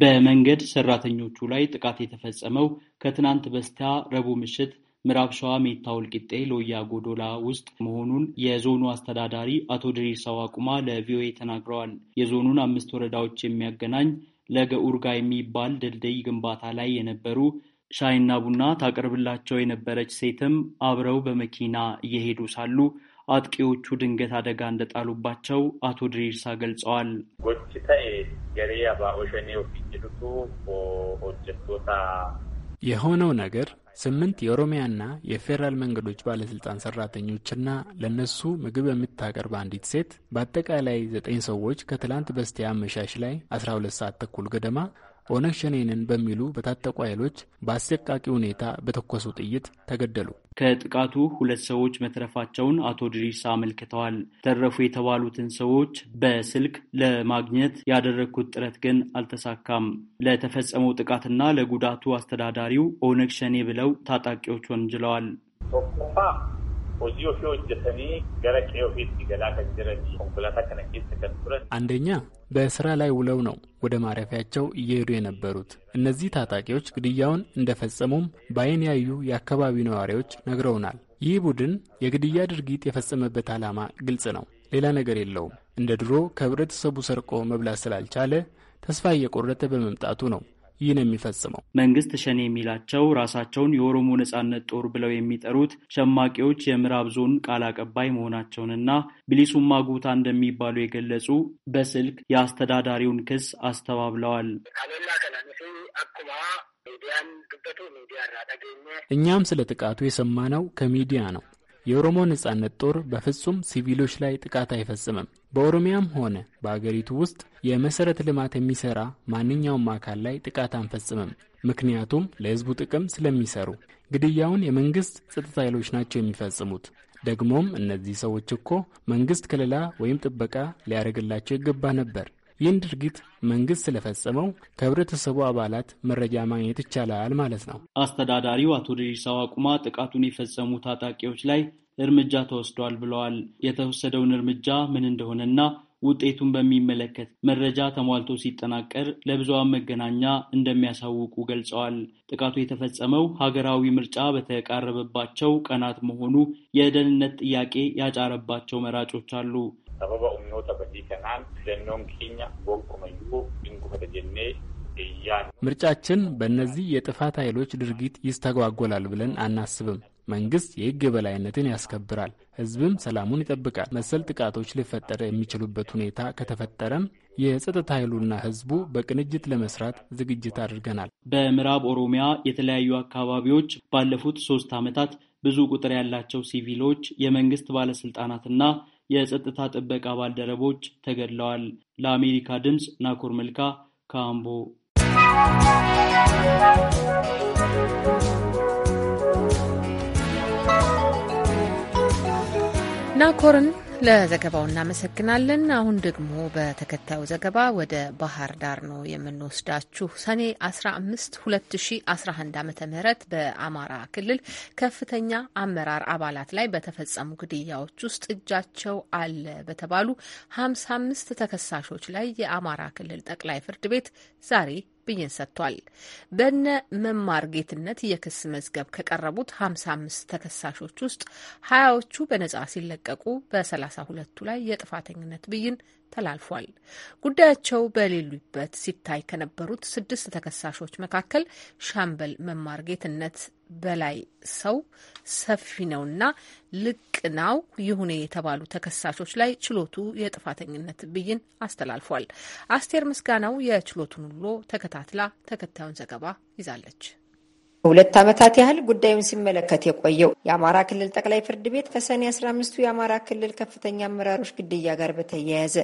በመንገድ ሰራተኞቹ ላይ ጥቃት የተፈጸመው ከትናንት በስቲያ ረቡዕ ምሽት ምዕራብ ሸዋ ሜታ ወልቂጤ ሎያ ጎዶላ ውስጥ መሆኑን የዞኑ አስተዳዳሪ አቶ ድሪርሰው አቁማ ለቪኦኤ ተናግረዋል። የዞኑን አምስት ወረዳዎች የሚያገናኝ ለገኡርጋ የሚባል ድልድይ ግንባታ ላይ የነበሩ ሻይና ቡና ታቀርብላቸው የነበረች ሴትም አብረው በመኪና እየሄዱ ሳሉ አጥቂዎቹ ድንገት አደጋ እንደጣሉባቸው አቶ ድሪርሳ ገልጸዋል። ጎችተ ገሬ አባኦሸኔ ኦሸኔ ኦፊጅሉቱ የሆነው ነገር ስምንት የኦሮሚያና የፌዴራል መንገዶች ባለስልጣን ሰራተኞችና ለነሱ ምግብ የምታቀርብ አንዲት ሴት በአጠቃላይ ዘጠኝ ሰዎች ከትላንት በስቲያ አመሻሽ ላይ 12 ሰዓት ተኩል ገደማ ኦነግ ሸኔንን በሚሉ በታጠቁ ኃይሎች በአሰቃቂ ሁኔታ በተኮሱ ጥይት ተገደሉ። ከጥቃቱ ሁለት ሰዎች መትረፋቸውን አቶ ድሪሳ አመልክተዋል። ተረፉ የተባሉትን ሰዎች በስልክ ለማግኘት ያደረግኩት ጥረት ግን አልተሳካም። ለተፈጸመው ጥቃትና ለጉዳቱ አስተዳዳሪው ኦነግ ሸኔ ብለው ታጣቂዎች ወንጅለዋል። አንደኛ በስራ ላይ ውለው ነው ወደ ማረፊያቸው እየሄዱ የነበሩት። እነዚህ ታጣቂዎች ግድያውን እንደፈጸሙም በአይን ያዩ የአካባቢው ነዋሪዎች ነግረውናል። ይህ ቡድን የግድያ ድርጊት የፈጸመበት ዓላማ ግልጽ ነው። ሌላ ነገር የለውም። እንደ ድሮ ከህብረተሰቡ ሰርቆ መብላት ስላልቻለ ተስፋ እየቆረጠ በመምጣቱ ነው። ይህን የሚፈጽመው መንግስት ሸኔ የሚላቸው ራሳቸውን የኦሮሞ ነጻነት ጦር ብለው የሚጠሩት ሸማቂዎች የምዕራብ ዞን ቃል አቀባይ መሆናቸውንና ቢሊሱማ ጉታ እንደሚባሉ የገለጹ በስልክ የአስተዳዳሪውን ክስ አስተባብለዋል። እኛም ስለ ጥቃቱ የሰማነው ከሚዲያ ነው። የኦሮሞ ነጻነት ጦር በፍጹም ሲቪሎች ላይ ጥቃት አይፈጽምም። በኦሮሚያም ሆነ በአገሪቱ ውስጥ የመሰረተ ልማት የሚሰራ ማንኛውም አካል ላይ ጥቃት አንፈጽምም። ምክንያቱም ለህዝቡ ጥቅም ስለሚሰሩ። ግድያውን የመንግስት ጸጥታ ኃይሎች ናቸው የሚፈጽሙት። ደግሞም እነዚህ ሰዎች እኮ መንግስት ከለላ ወይም ጥበቃ ሊያደርግላቸው ይገባ ነበር። ይህን ድርጊት መንግስት ስለፈጸመው ከህብረተሰቡ አባላት መረጃ ማግኘት ይቻላል ማለት ነው። አስተዳዳሪው አቶ ደሪሳው አቁማ ጥቃቱን የፈጸሙ ታጣቂዎች ላይ እርምጃ ተወስዷል ብለዋል። የተወሰደውን እርምጃ ምን እንደሆነና ውጤቱን በሚመለከት መረጃ ተሟልቶ ሲጠናቀር ለብዙሃን መገናኛ እንደሚያሳውቁ ገልጸዋል። ጥቃቱ የተፈጸመው ሀገራዊ ምርጫ በተቃረበባቸው ቀናት መሆኑ የደህንነት ጥያቄ ያጫረባቸው መራጮች አሉ። sababa humnoota badii kanaan filannoon keenya gonkuma iyyuu hin gufata jennee ምርጫችን በእነዚህ የጥፋት ኃይሎች ድርጊት ይስተጓጎላል ብለን አናስብም። መንግስት የህግ የበላይነትን ያስከብራል፣ ህዝብም ሰላሙን ይጠብቃል። መሰል ጥቃቶች ሊፈጠረ የሚችሉበት ሁኔታ ከተፈጠረም የጸጥታ ኃይሉና ህዝቡ በቅንጅት ለመስራት ዝግጅት አድርገናል። በምዕራብ ኦሮሚያ የተለያዩ አካባቢዎች ባለፉት ሶስት ዓመታት ብዙ ቁጥር ያላቸው ሲቪሎች፣ የመንግስት ባለስልጣናትና የጸጥታ ጥበቃ ባልደረቦች ተገድለዋል። ለአሜሪካ ድምፅ ናኮር መልካ ከአምቦ። ናኮርን ለዘገባው እናመሰግናለን። አሁን ደግሞ በተከታዩ ዘገባ ወደ ባህር ዳር ነው የምንወስዳችሁ። ሰኔ 15 2011 ዓ ም በአማራ ክልል ከፍተኛ አመራር አባላት ላይ በተፈጸሙ ግድያዎች ውስጥ እጃቸው አለ በተባሉ 55 ተከሳሾች ላይ የአማራ ክልል ጠቅላይ ፍርድ ቤት ዛሬ ብይን ሰጥቷል። በነ መማር ጌትነት የክስ መዝገብ ከቀረቡት 55 ተከሳሾች ውስጥ ሀያዎቹ በነጻ ሲለቀቁ በሰላሳ ሁለቱ ላይ የጥፋተኝነት ብይን ተላልፏል። ጉዳያቸው በሌሉበት ሲታይ ከነበሩት ስድስት ተከሳሾች መካከል ሻምበል መማር ጌትነት በላይ ሰው ሰፊ ነውና ልቅናው ይሁኔ የተባሉ ተከሳሾች ላይ ችሎቱ የጥፋተኝነት ብይን አስተላልፏል። አስቴር ምስጋናው የችሎቱን ውሎ ተከታትላ ተከታዩን ዘገባ ይዛለች። በሁለት ዓመታት ያህል ጉዳዩን ሲመለከት የቆየው የአማራ ክልል ጠቅላይ ፍርድ ቤት ከሰኔ 15ቱ የአማራ ክልል ከፍተኛ አመራሮች ግድያ ጋር በተያያዘ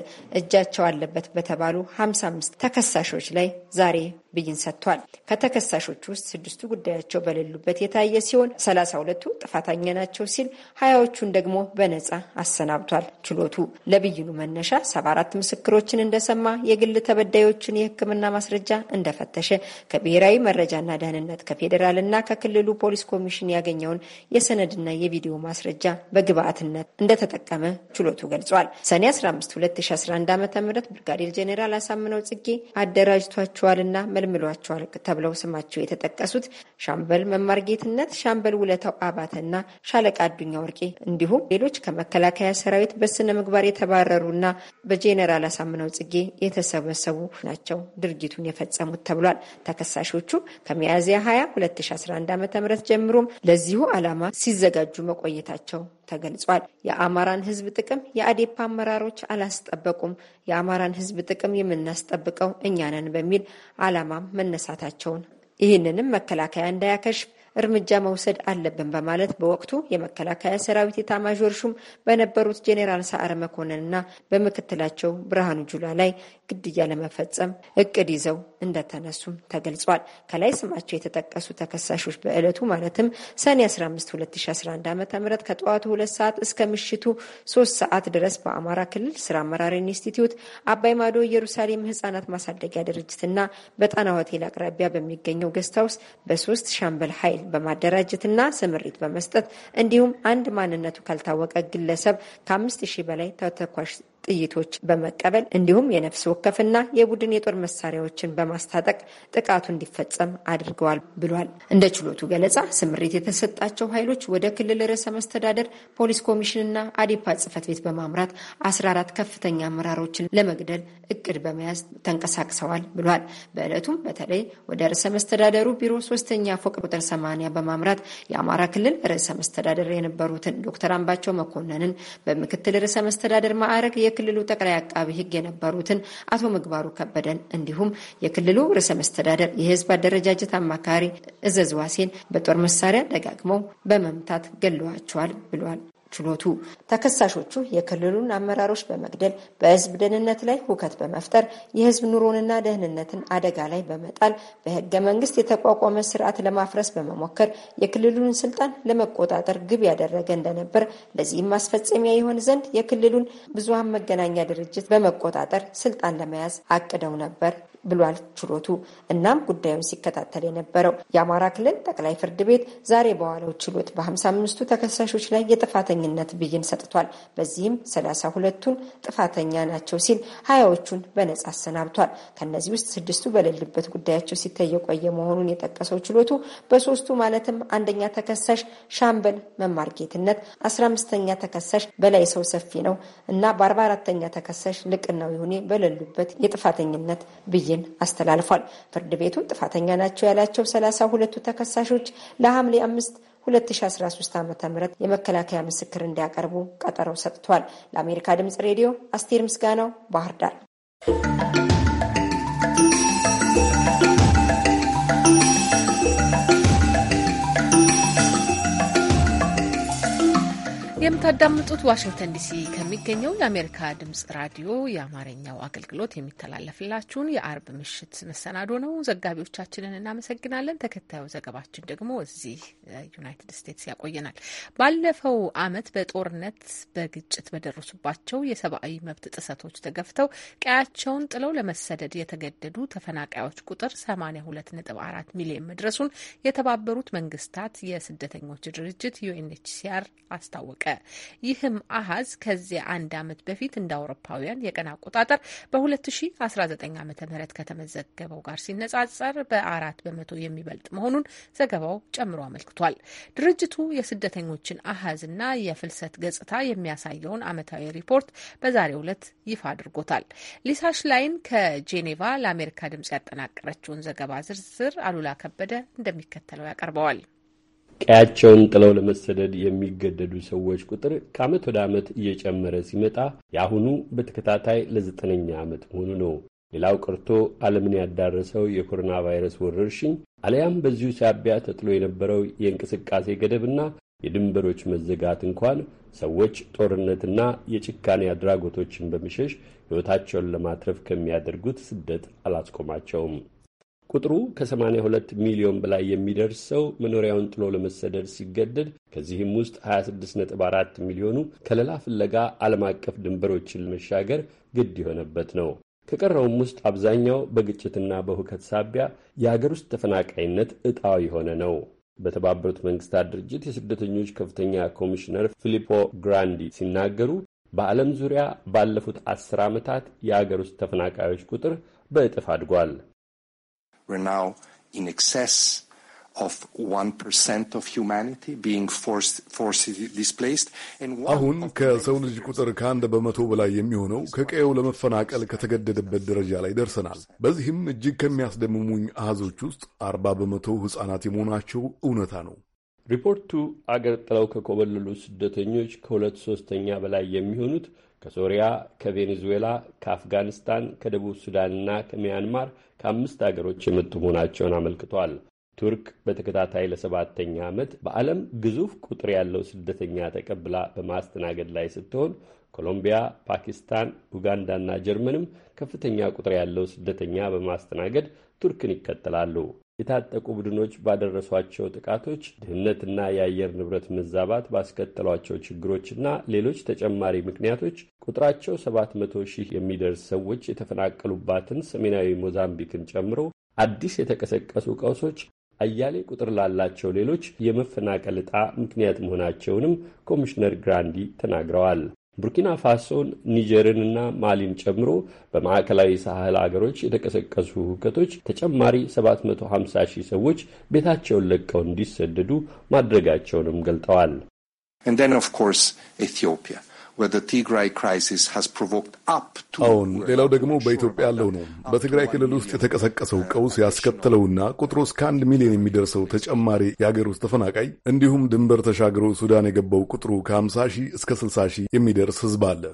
እጃቸው አለበት በተባሉ አምስት ተከሳሾች ላይ ዛሬ ብይን ሰጥቷል። ከተከሳሾች ውስጥ ስድስቱ ጉዳያቸው በሌሉበት የታየ ሲሆን ሰላሳ ሁለቱ ጥፋተኛ ናቸው ሲል ሀያዎቹን ደግሞ በነጻ አሰናብቷል። ችሎቱ ለብይኑ መነሻ ሰባ አራት ምስክሮችን እንደሰማ፣ የግል ተበዳዮችን የሕክምና ማስረጃ እንደፈተሸ፣ ከብሔራዊ መረጃና ደህንነት ከፌዴራል እና ከክልሉ ፖሊስ ኮሚሽን ያገኘውን የሰነድና የቪዲዮ ማስረጃ በግብአትነት እንደተጠቀመ ችሎቱ ገልጿል። ሰኔ 15 2011 ዓ ም ብርጋዴር ጄኔራል አሳምነው ጽጌ አደራጅቷቸዋልና መልምሏቸዋል ተብለው ስማቸው የተጠቀሱት ሻምበል መማር ጌትነት፣ ሻምበል ውለታው አባተና ሻለቃ አዱኛ ወርቄ እንዲሁም ሌሎች ከመከላከያ ሰራዊት በስነ ምግባር የተባረሩና በጄኔራል አሳምነው ጽጌ የተሰበሰቡ ናቸው ድርጊቱን የፈጸሙት ተብሏል። ተከሳሾቹ ከሚያዝያ 20 2011 ዓ ም ጀምሮም ለዚሁ ዓላማ ሲዘጋጁ መቆየታቸው ተገልጿል። የአማራን ህዝብ ጥቅም የአዴፓ አመራሮች አላስጠበቁም፣ የአማራን ህዝብ ጥቅም የምናስጠብቀው እኛንን በሚል ዓላማም መነሳታቸውን ይህንንም መከላከያ እንዳያከሽፍ እርምጃ መውሰድ አለብን በማለት በወቅቱ የመከላከያ ሰራዊት ኤታማዦር ሹም በነበሩት ጄኔራል ሰዓረ መኮንንና በምክትላቸው ብርሃኑ ጁላ ላይ ግድያ ለመፈጸም እቅድ ይዘው እንደተነሱም ተገልጿል። ከላይ ስማቸው የተጠቀሱ ተከሳሾች በዕለቱ ማለትም ሰኔ 15 2011 ዓ ም ከጠዋቱ ሁለት ሰዓት እስከ ምሽቱ ሶስት ሰዓት ድረስ በአማራ ክልል ስራ አመራር ኢንስቲትዩት አባይ ማዶ ኢየሩሳሌም ህጻናት ማሳደጊያ ድርጅትና በጣና ሆቴል አቅራቢያ በሚገኘው ገስታውስ በሶስት ሻምበል ኃይል በማደራጀትና ስምሪት በመስጠት እንዲሁም አንድ ማንነቱ ካልታወቀ ግለሰብ ከአምስት ሺህ በላይ ተተኳሽ ጥይቶች በመቀበል እንዲሁም የነፍስ ወከፍና የቡድን የጦር መሳሪያዎችን በማስታጠቅ ጥቃቱ እንዲፈጸም አድርገዋል ብሏል። እንደ ችሎቱ ገለጻ ስምሪት የተሰጣቸው ኃይሎች ወደ ክልል ርዕሰ መስተዳደር ፖሊስ ኮሚሽንና አዴፓ ጽህፈት ቤት በማምራት 14 ከፍተኛ አመራሮችን ለመግደል እቅድ በመያዝ ተንቀሳቅሰዋል ብሏል። በዕለቱም በተለይ ወደ ርዕሰ መስተዳደሩ ቢሮ ሶስተኛ ፎቅ ቁጥር 80 በማምራት የአማራ ክልል ርዕሰ መስተዳደር የነበሩትን ዶክተር አምባቸው መኮንንን በምክትል ርዕሰ መስተዳደር ማዕረግ የክልሉ ጠቅላይ አቃቢ ሕግ የነበሩትን አቶ ምግባሩ ከበደን እንዲሁም የክልሉ ርዕሰ መስተዳደር የህዝብ አደረጃጀት አማካሪ እዘዝዋሴን በጦር መሳሪያ ደጋግመው በመምታት ገለዋቸዋል ብሏል። ችሎቱ ተከሳሾቹ የክልሉን አመራሮች በመግደል በህዝብ ደህንነት ላይ ሁከት በመፍጠር የህዝብ ኑሮንና ደህንነትን አደጋ ላይ በመጣል በህገ መንግስት የተቋቋመ ስርዓት ለማፍረስ በመሞከር የክልሉን ስልጣን ለመቆጣጠር ግብ ያደረገ እንደነበር፣ ለዚህም ማስፈጸሚያ ይሆን ዘንድ የክልሉን ብዙሃን መገናኛ ድርጅት በመቆጣጠር ስልጣን ለመያዝ አቅደው ነበር ብሏል ችሎቱ። እናም ጉዳዩን ሲከታተል የነበረው የአማራ ክልል ጠቅላይ ፍርድ ቤት ዛሬ በዋለው ችሎት በ 55 ተከሳሾች ላይ የጥፋተኝነት ብይን ሰጥቷል። በዚህም ሰላሳ ሁለቱን ጥፋተኛ ናቸው ሲል ሀያዎቹን በነጻ አሰናብቷል። ከእነዚህ ውስጥ ስድስቱ በሌሉበት ጉዳያቸው ሲታይ የቆየ መሆኑን የጠቀሰው ችሎቱ በሶስቱ ማለትም አንደኛ ተከሳሽ ሻምበል መማር ጌትነት፣ አስራ አምስተኛ ተከሳሽ በላይ ሰው ሰፊ ነው እና በአርባ አራተኛ ተከሳሽ ልቅናው ይሁኔ በሌሉበት የጥፋተኝነት ብይን ብይን አስተላልፏል። ፍርድ ቤቱ ጥፋተኛ ናቸው ያላቸው ሰላሳ ሁለቱ ተከሳሾች ለሐምሌ አምስት 2013 ዓ.ም የመከላከያ ምስክር እንዲያቀርቡ ቀጠሮ ሰጥቷል። ለአሜሪካ ድምፅ ሬዲዮ አስቴር ምስጋናው ባህር ዳር የምታዳምጡት ዋሽንግተን ዲሲ ከሚገኘው የአሜሪካ ድምጽ ራዲዮ የአማርኛው አገልግሎት የሚተላለፍላችሁን የአርብ ምሽት መሰናዶ ነው። ዘጋቢዎቻችንን እናመሰግናለን። ተከታዩ ዘገባችን ደግሞ እዚህ ዩናይትድ ስቴትስ ያቆየናል። ባለፈው ዓመት በጦርነት በግጭት በደረሱባቸው የሰብአዊ መብት ጥሰቶች ተገፍተው ቀያቸውን ጥለው ለመሰደድ የተገደዱ ተፈናቃዮች ቁጥር 82.4 ሚሊዮን መድረሱን የተባበሩት መንግስታት የስደተኞች ድርጅት ዩኤንኤችሲአር አስታወቀ። ይህም አሀዝ ከዚያ አንድ ዓመት በፊት እንደ አውሮፓውያን የቀን አቆጣጠር በ2019 ዓ ም ከተመዘገበው ጋር ሲነጻጸር በአራት በመቶ የሚበልጥ መሆኑን ዘገባው ጨምሮ አመልክቷል። ድርጅቱ የስደተኞችን አሀዝና የፍልሰት ገጽታ የሚያሳየውን ዓመታዊ ሪፖርት በዛሬው ዕለት ይፋ አድርጎታል። ሊሳሽ ላይን ከጄኔቫ ለአሜሪካ ድምጽ ያጠናቀረችውን ዘገባ ዝርዝር አሉላ ከበደ እንደሚከተለው ያቀርበዋል። ቀያቸውን ጥለው ለመሰደድ የሚገደዱ ሰዎች ቁጥር ከዓመት ወደ ዓመት እየጨመረ ሲመጣ የአሁኑ በተከታታይ ለዘጠነኛ ዓመት መሆኑ ነው። ሌላው ቀርቶ ዓለምን ያዳረሰው የኮሮና ቫይረስ ወረርሽኝ አሊያም በዚሁ ሳቢያ ተጥሎ የነበረው የእንቅስቃሴ ገደብና የድንበሮች መዘጋት እንኳን ሰዎች ጦርነትና የጭካኔ አድራጎቶችን በመሸሽ ሕይወታቸውን ለማትረፍ ከሚያደርጉት ስደት አላስቆማቸውም። ቁጥሩ ከ82 ሚሊዮን በላይ የሚደርስ ሰው መኖሪያውን ጥሎ ለመሰደድ ሲገደድ ከዚህም ውስጥ 26.4 ሚሊዮኑ ከሌላ ፍለጋ ዓለም አቀፍ ድንበሮችን ለመሻገር ግድ የሆነበት ነው። ከቀረውም ውስጥ አብዛኛው በግጭትና በሁከት ሳቢያ የአገር ውስጥ ተፈናቃይነት እጣው የሆነ ነው። በተባበሩት መንግስታት ድርጅት የስደተኞች ከፍተኛ ኮሚሽነር ፊሊፖ ግራንዲ ሲናገሩ በዓለም ዙሪያ ባለፉት አስር ዓመታት የአገር ውስጥ ተፈናቃዮች ቁጥር በእጥፍ አድጓል። We're now in excess አሁን ከሰው ልጅ ቁጥር ከአንድ በመቶ በላይ የሚሆነው ከቀየው ለመፈናቀል ከተገደደበት ደረጃ ላይ ደርሰናል። በዚህም እጅግ ከሚያስደምሙኝ አሃዞች ውስጥ አርባ በመቶ ሕፃናት የመሆናቸው እውነታ ነው። ሪፖርቱ አገር ጥለው ከኮበለሉ ስደተኞች ከሁለት ሶስተኛ በላይ የሚሆኑት ከሶሪያ፣ ከቬኔዙዌላ፣ ከአፍጋኒስታን፣ ከደቡብ ሱዳንና ከሚያንማር ከአምስት አገሮች የመጡ መሆናቸውን አመልክቷል። ቱርክ በተከታታይ ለሰባተኛ ዓመት በዓለም ግዙፍ ቁጥር ያለው ስደተኛ ተቀብላ በማስተናገድ ላይ ስትሆን ኮሎምቢያ፣ ፓኪስታን፣ ኡጋንዳና ጀርመንም ከፍተኛ ቁጥር ያለው ስደተኛ በማስተናገድ ቱርክን ይከተላሉ። የታጠቁ ቡድኖች ባደረሷቸው ጥቃቶች፣ ድህነትና የአየር ንብረት መዛባት ባስከተሏቸው ችግሮችና ሌሎች ተጨማሪ ምክንያቶች ቁጥራቸው ሰባት ሺህ የሚደርስ ሰዎች የተፈናቀሉባትን ሰሜናዊ ሞዛምቢክን ጨምሮ አዲስ የተቀሰቀሱ ቀውሶች አያሌ ቁጥር ላላቸው ሌሎች የመፈናቀል ዕጣ ምክንያት መሆናቸውንም ኮሚሽነር ግራንዲ ተናግረዋል። ቡርኪና ፋሶን፣ ኒጀርንና ማሊን ጨምሮ በማዕከላዊ ሳህል አገሮች የተቀሰቀሱ ሁከቶች ተጨማሪ 750 ሺህ ሰዎች ቤታቸውን ለቀው እንዲሰደዱ ማድረጋቸውንም ገልጠዋል። ኢትዮጵያ አዎን፣ ሌላው ደግሞ በኢትዮጵያ ያለው ነው። በትግራይ ክልል ውስጥ የተቀሰቀሰው ቀውስ ያስከተለውና ቁጥሩ እስከ አንድ ሚሊዮን የሚደርሰው ተጨማሪ የአገር ውስጥ ተፈናቃይ እንዲሁም ድንበር ተሻግሮ ሱዳን የገባው ቁጥሩ ከ50 ሺህ እስከ 60 ሺህ የሚደርስ ህዝብ አለ።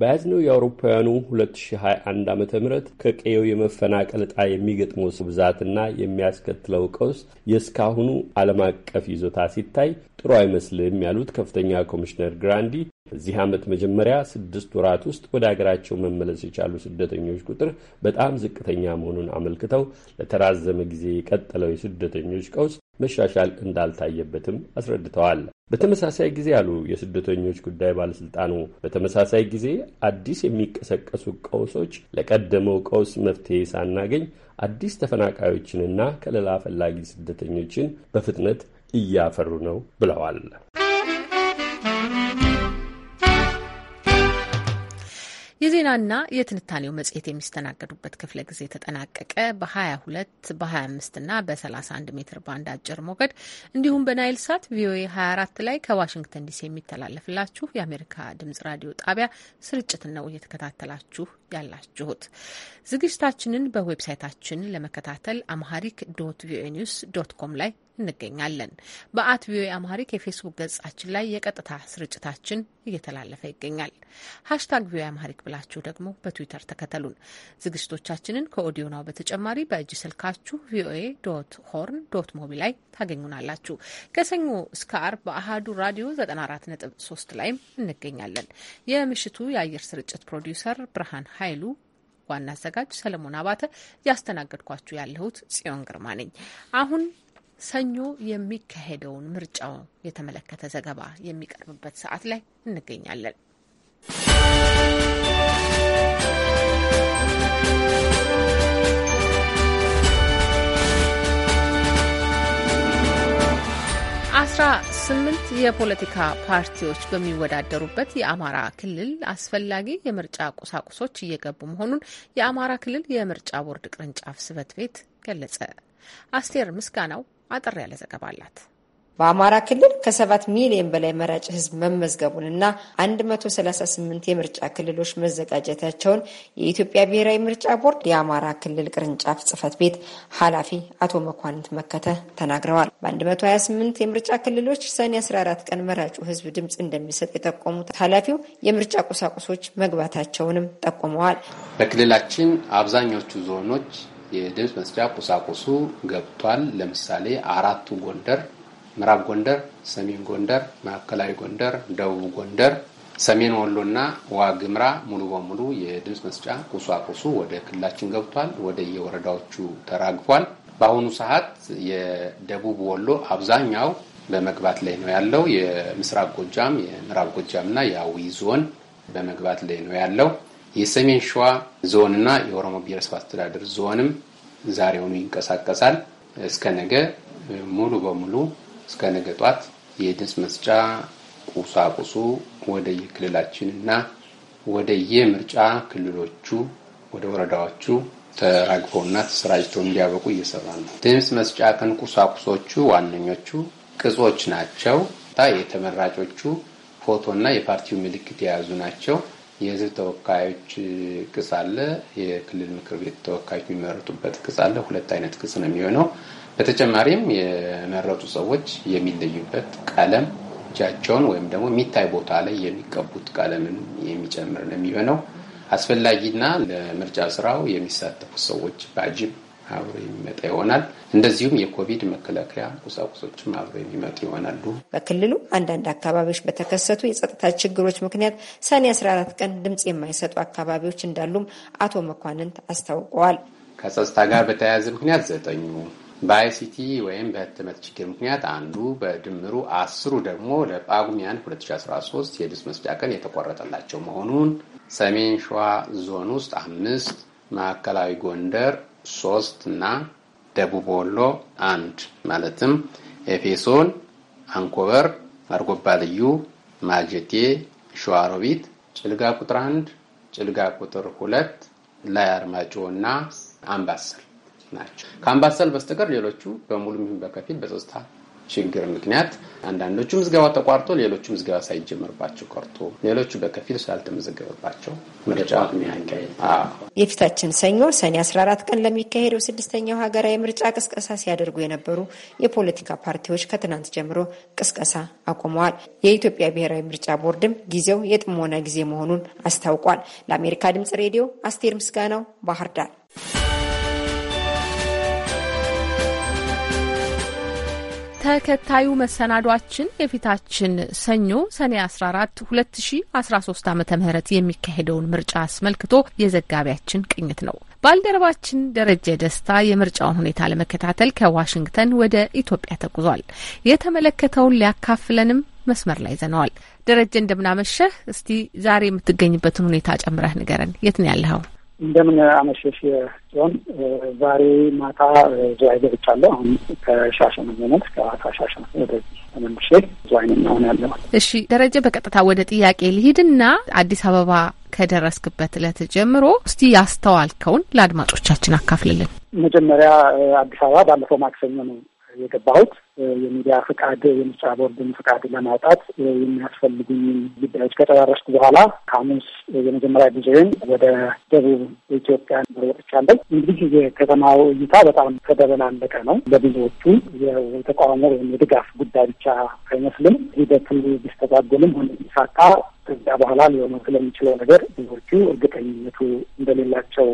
በያዝነው የአውሮፓውያኑ 2021 ዓ ም ከቀየው የመፈናቀል ዕጣ የሚገጥመው ብዛትና የሚያስከትለው ቀውስ የእስካሁኑ ዓለም አቀፍ ይዞታ ሲታይ ጥሩ አይመስልም ያሉት ከፍተኛ ኮሚሽነር ግራንዲ በዚህ ዓመት መጀመሪያ ስድስት ወራት ውስጥ ወደ አገራቸው መመለስ የቻሉ ስደተኞች ቁጥር በጣም ዝቅተኛ መሆኑን አመልክተው ለተራዘመ ጊዜ የቀጠለው የስደተኞች ቀውስ መሻሻል እንዳልታየበትም አስረድተዋል። በተመሳሳይ ጊዜ ያሉ የስደተኞች ጉዳይ ባለስልጣኑ በተመሳሳይ ጊዜ አዲስ የሚቀሰቀሱ ቀውሶች ለቀደመው ቀውስ መፍትሄ ሳናገኝ አዲስ ተፈናቃዮችንና ከለላ ፈላጊ ስደተኞችን በፍጥነት እያፈሩ ነው ብለዋል። የዜናና የትንታኔው መጽሔት የሚስተናገዱበት ክፍለ ጊዜ ተጠናቀቀ። በ22 በ25 እና በ31 ሜትር ባንድ አጭር ሞገድ እንዲሁም በናይል ሳት ቪኦኤ 24 ላይ ከዋሽንግተን ዲሲ የሚተላለፍላችሁ የአሜሪካ ድምጽ ራዲዮ ጣቢያ ስርጭት ነው እየተከታተላችሁ ያላችሁት። ዝግጅታችንን በዌብሳይታችን ለመከታተል አምሃሪክ ዶት ቪኦኤ ኒውስ ዶት ኮም ላይ እንገኛለን። በአት ቪኦኤ አማሪክ የፌስቡክ ገጻችን ላይ የቀጥታ ስርጭታችን እየተላለፈ ይገኛል። ሀሽታግ ቪኦኤ አማሪክ ብላችሁ ደግሞ በትዊተር ተከተሉን። ዝግጅቶቻችንን ከኦዲዮ ናው በተጨማሪ በእጅ ስልካችሁ ቪኦኤ ዶት ሆርን ዶት ሞቢ ላይ ታገኙናላችሁ። ከሰኞ እስከ አርብ በአህዱ ራዲዮ 94.3 ላይም እንገኛለን። የምሽቱ የአየር ስርጭት ፕሮዲውሰር ብርሃን ኃይሉ ዋና አዘጋጅ ሰለሞን አባተ፣ ያስተናገድኳችሁ ያለሁት ጽዮን ግርማ ነኝ። አሁን ሰኞ የሚካሄደውን ምርጫው የተመለከተ ዘገባ የሚቀርብበት ሰዓት ላይ እንገኛለን። አስራ ስምንት የፖለቲካ ፓርቲዎች በሚወዳደሩበት የአማራ ክልል አስፈላጊ የምርጫ ቁሳቁሶች እየገቡ መሆኑን የአማራ ክልል የምርጫ ቦርድ ቅርንጫፍ ጽሕፈት ቤት ገለጸ። አስቴር ምስጋናው አጠር ያለ ዘገባ አላት። በአማራ ክልል ከሰባት ሚሊዮን በላይ መራጭ ህዝብ መመዝገቡን እና 138 የምርጫ ክልሎች መዘጋጀታቸውን የኢትዮጵያ ብሔራዊ ምርጫ ቦርድ የአማራ ክልል ቅርንጫፍ ጽህፈት ቤት ኃላፊ አቶ መኳንንት መከተ ተናግረዋል። በ128 የምርጫ ክልሎች ሰኔ 14 ቀን መራጩ ህዝብ ድምፅ እንደሚሰጥ የጠቆሙት ኃላፊው የምርጫ ቁሳቁሶች መግባታቸውንም ጠቁመዋል። በክልላችን አብዛኞቹ ዞኖች የድምፅ መስጫ ቁሳቁሱ ገብቷል። ለምሳሌ አራቱ ጎንደር፣ ምዕራብ ጎንደር፣ ሰሜን ጎንደር፣ ማዕከላዊ ጎንደር፣ ደቡብ ጎንደር፣ ሰሜን ወሎና ዋግምራ ሙሉ በሙሉ የድምፅ መስጫ ቁሳቁሱ ወደ ክልላችን ገብቷል፣ ወደ የወረዳዎቹ ተራግፏል። በአሁኑ ሰዓት የደቡብ ወሎ አብዛኛው በመግባት ላይ ነው ያለው። የምስራቅ ጎጃም፣ የምዕራብ ጎጃም እና የአዊ ዞን በመግባት ላይ ነው ያለው። የሰሜን ሸዋ ዞንና የኦሮሞ ብሔረሰብ አስተዳደር ዞንም ዛሬውኑ ይንቀሳቀሳል። እስከ ነገ ሙሉ በሙሉ እስከ ነገ ጧት የድምፅ መስጫ ቁሳቁሱ ወደ የክልላችንና ወደ የምርጫ ክልሎቹ ወደ ወረዳዎቹ ተራግፈውና ተሰራጭተው እንዲያበቁ እየሰራ ነው። ድምፅ መስጫ ቀን ቁሳቁሶቹ ዋነኞቹ ቅጾች ናቸው። የተመራጮቹ ፎቶና የፓርቲው ምልክት የያዙ ናቸው። የህዝብ ተወካዮች ቅጽ አለ፣ የክልል ምክር ቤት ተወካዮች የሚመረጡበት ቅጽ አለ። ሁለት አይነት ቅጽ ነው የሚሆነው። በተጨማሪም የመረጡ ሰዎች የሚለዩበት ቀለም እጃቸውን ወይም ደግሞ የሚታይ ቦታ ላይ የሚቀቡት ቀለምን የሚጨምር ነው የሚሆነው። አስፈላጊና ለምርጫ ስራው የሚሳተፉት ሰዎች በአጅብ አብሮ የሚመጣ ይሆናል። እንደዚሁም የኮቪድ መከላከያ ቁሳቁሶችም አብሮ የሚመጡ ይሆናሉ። በክልሉ አንዳንድ አካባቢዎች በተከሰቱ የጸጥታ ችግሮች ምክንያት ሰኔ 14 ቀን ድምፅ የማይሰጡ አካባቢዎች እንዳሉም አቶ መኳንንት አስታውቀዋል። ከጸጥታ ጋር በተያያዘ ምክንያት ዘጠኙ በአይሲቲ ወይም በህትመት ችግር ምክንያት አንዱ በድምሩ አስሩ ደግሞ ለጳጉሚያን 2013 የድምፅ መስጫ ቀን የተቆረጠላቸው መሆኑን ሰሜን ሸዋ ዞን ውስጥ አምስት፣ ማዕከላዊ ጎንደር ሶስት እና ደቡብ ወሎ አንድ ማለትም ኤፌሶን፣ አንኮበር፣ አርጎባ ልዩ፣ ማጀቴ፣ ሸዋሮቢት፣ ጭልጋ ቁጥር አንድ፣ ጭልጋ ቁጥር ሁለት፣ ላይ አርማጭሆ እና አምባሰል ናቸው። ከአምባሰል በስተቀር ሌሎቹ በሙሉ ይሁን በከፊል በጾታ ችግር ምክንያት አንዳንዶቹ ምዝገባ ተቋርጦ ሌሎቹ ምዝገባ ሳይጀመርባቸው ቀርቶ ሌሎቹ በከፊል ስላልተመዘገበባቸው ምርጫ የፊታችን ሰኞ ሰኔ 14 ቀን ለሚካሄደው ስድስተኛው ሀገራዊ ምርጫ ቅስቀሳ ሲያደርጉ የነበሩ የፖለቲካ ፓርቲዎች ከትናንት ጀምሮ ቅስቀሳ አቁመዋል። የኢትዮጵያ ብሔራዊ ምርጫ ቦርድም ጊዜው የጥሞና ጊዜ መሆኑን አስታውቋል። ለአሜሪካ ድምጽ ሬዲዮ አስቴር ምስጋናው ባህር ዳር ተከታዩ መሰናዷችን የፊታችን ሰኞ ሰኔ 14 2013 ዓ ም የሚካሄደውን ምርጫ አስመልክቶ የዘጋቢያችን ቅኝት ነው። ባልደረባችን ደረጀ ደስታ የምርጫውን ሁኔታ ለመከታተል ከዋሽንግተን ወደ ኢትዮጵያ ተጉዟል። የተመለከተውን ሊያካፍለንም መስመር ላይ ዘነዋል። ደረጀ እንደምናመሸህ። እስቲ ዛሬ የምትገኝበትን ሁኔታ ጨምረህ ንገረን። የት ነው ያለኸው? እንደምን አመሸሽ ሲሆን ዛሬ ማታ ዝዋይ ገብቻለሁ። አሁን ከሻሸመኔ ነው ከአታ ሻሸመኔ ወደዚህ ተመልሼ ዝዋይ እናሆን አሁን ያለው። እሺ ደረጀ፣ በቀጥታ ወደ ጥያቄ ልሂድና አዲስ አበባ ከደረስክበት እለት ጀምሮ እስቲ ያስተዋልከውን ለአድማጮቻችን አካፍልልን። መጀመሪያ አዲስ አበባ ባለፈው ማክሰኞ ነው የገባሁት የሚዲያ ፍቃድ የምርጫ ቦርድን ፍቃድ ለማውጣት የሚያስፈልጉኝ ጉዳዮች ከጨራረስኩ በኋላ ሐሙስ የመጀመሪያ ጊዜን ወደ ደቡብ ኢትዮጵያ ወጥቻለሁ። እንግዲህ የከተማው እይታ በጣም ተደበላለቀ ነው። ለብዙዎቹ የተቃውሞ ወይም የድጋፍ ጉዳይ ብቻ አይመስልም። ሂደቱ ቢስተጓጎልም ሆነ ቢሳካ ከዚያ በኋላ ሊሆነው ስለሚችለው ነገር ብዙዎቹ እርግጠኝነቱ እንደሌላቸው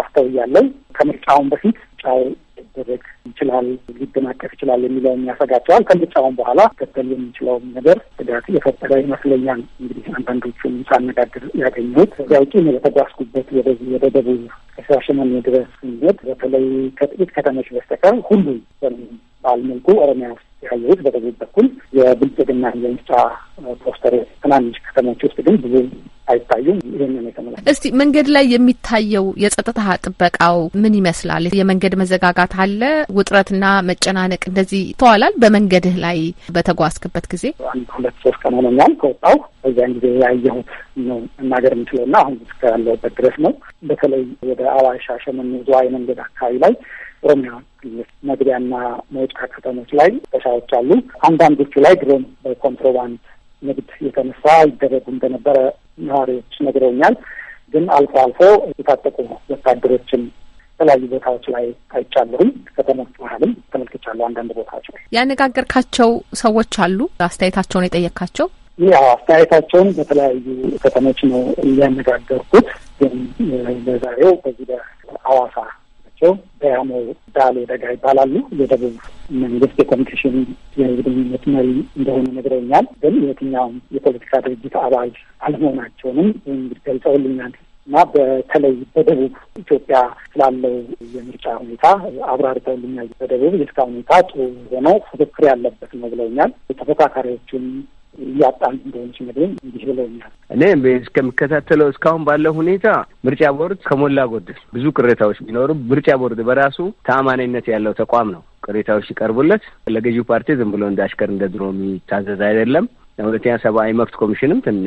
አስተውያለሁ። ከምርጫውን በፊት ምርጫው ሊደረግ ይችላል፣ ሊደናቀፍ ይችላል የሚለውን ያሰጋቸዋል። ከምርጫውን በኋላ ከተል የሚችለውን ነገር ስጋት የፈጠረ ይመስለኛል። እንግዲህ አንዳንዶቹን ሳነጋግር ያገኘሁት ያውቂ ውጪ የተጓዝኩበት ወደዚህ ወደ ደቡብ ከሻሸመኔ ድረስ ስንሄድ በተለይ ከጥቂት ከተሞች በስተቀር ሁሉ ባል መልኩ ኦሮሚያ ውስጥ ያዩት በደቡብ በኩል የብልጽግና የምርጫ ፖስተር ትናንሽ ከተሞች ውስጥ ግን ብዙ አይታዩም። ይህንን የተመላ እስቲ መንገድ ላይ የሚታየው የጸጥታ ጥበቃው ምን ይመስላል? የመንገድ መዘጋጋት አለ፣ ውጥረትና መጨናነቅ እንደዚህ ይተዋላል? በመንገድህ ላይ በተጓዝክበት ጊዜ አንድ ሁለት ሶስት ቀን ሆኖኛል ከወጣሁ። በዚያን ጊዜ ያየሁት ነው እናገር የምችለው እና አሁን እስከ ያለሁበት ድረስ ነው። በተለይ ወደ አዋሻ ሸመን ዝዋይ መንገድ አካባቢ ላይ ኦሮሚያ ክልል መግቢያና መውጫ ከተሞች ላይ መጠሻዎች አሉ። አንዳንዶቹ ላይ ድሮም በኮንትሮባንድ ንግድ የተነሳ ይደረጉ እንደነበረ ነዋሪዎች ነግረውኛል። ግን አልፎ አልፎ የታጠቁ ወታደሮችን የተለያዩ ቦታዎች ላይ አይቻለሁም። ከተሞች ባህልም ተመልክቻለሁ። አንዳንድ ቦታዎች ላይ ያነጋገርካቸው ሰዎች አሉ? አስተያየታቸውን የጠየካቸው? ያ አስተያየታቸውን በተለያዩ ከተሞች ነው እያነጋገርኩት። ግን ለዛሬው በዚህ በሐዋሳ በያኖ ዳሌ ደጋ ይባላሉ። የደቡብ መንግስት የኮሚኒኬሽን የህዝብ ግንኙነት መሪ እንደሆኑ ነግረውኛል። ግን የትኛውም የፖለቲካ ድርጅት አባል አለመሆናቸውንም እንግዲህ ገልጸውልኛል እና በተለይ በደቡብ ኢትዮጵያ ስላለው የምርጫ ሁኔታ አብራርተውልኛል። በደቡብ የስካ ሁኔታ ጥሩ ሆኖ ፉክክር ያለበት ነው ብለውኛል። ተፎካካሪዎቹም እያጣን እንደሆነች መድን እንዲህ ብለውኛል። እኔ እስከምከታተለው እስካሁን ባለው ሁኔታ ምርጫ ቦርድ ከሞላ ጎደል ብዙ ቅሬታዎች ቢኖሩ ምርጫ ቦርድ በራሱ ተአማናኝነት ያለው ተቋም ነው። ቅሬታዎች ሲቀርቡለት ለገዢው ፓርቲ ዝም ብሎ እንዳሽከር እንደ ድሮ የሚታዘዝ አይደለም። ሁለተኛ ሰብአዊ መብት ኮሚሽንም ትን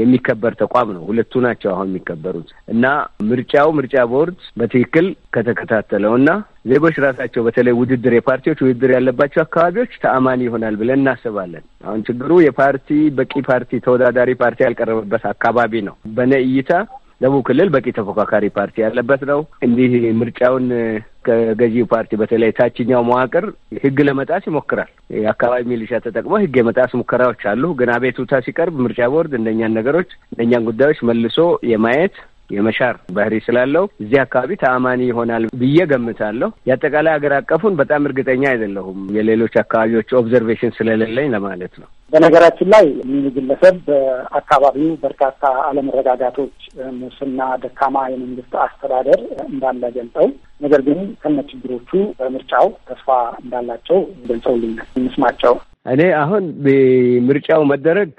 የሚከበር ተቋም ነው። ሁለቱ ናቸው አሁን የሚከበሩት እና ምርጫው ምርጫ ቦርድ በትክክል ከተከታተለው እና ዜጎች ራሳቸው በተለይ ውድድር የፓርቲዎች ውድድር ያለባቸው አካባቢዎች ተአማኒ ይሆናል ብለን እናስባለን። አሁን ችግሩ የፓርቲ በቂ ፓርቲ ተወዳዳሪ ፓርቲ ያልቀረበበት አካባቢ ነው። በነ እይታ ደቡብ ክልል በቂ ተፎካካሪ ፓርቲ ያለበት ነው። እንዲህ ምርጫውን ከገዢው ፓርቲ በተለይ ታችኛው መዋቅር ህግ ለመጣስ ይሞክራል። የአካባቢ ሚሊሻ ተጠቅሞ ህግ የመጣስ ሙከራዎች አሉ። ግን አቤቱታ ሲቀርብ ምርጫ ቦርድ እንደኛን ነገሮች እንደኛን ጉዳዮች መልሶ የማየት የመሻር ባህሪ ስላለው እዚህ አካባቢ ተአማኒ ይሆናል ብዬ ገምታለሁ። የአጠቃላይ ሀገር አቀፉን በጣም እርግጠኛ አይደለሁም፣ የሌሎች አካባቢዎች ኦብዘርቬሽን ስለሌለኝ ለማለት ነው። በነገራችን ላይ ሚኒ ግለሰብ በአካባቢው በርካታ አለመረጋጋቶች፣ ሙስና፣ ደካማ የመንግስት አስተዳደር እንዳለ ገልጠው ነገር ግን ከነ ችግሮቹ በምርጫው ተስፋ እንዳላቸው ገልጸውልኛል። እንስማቸው። እኔ አሁን ምርጫው መደረግ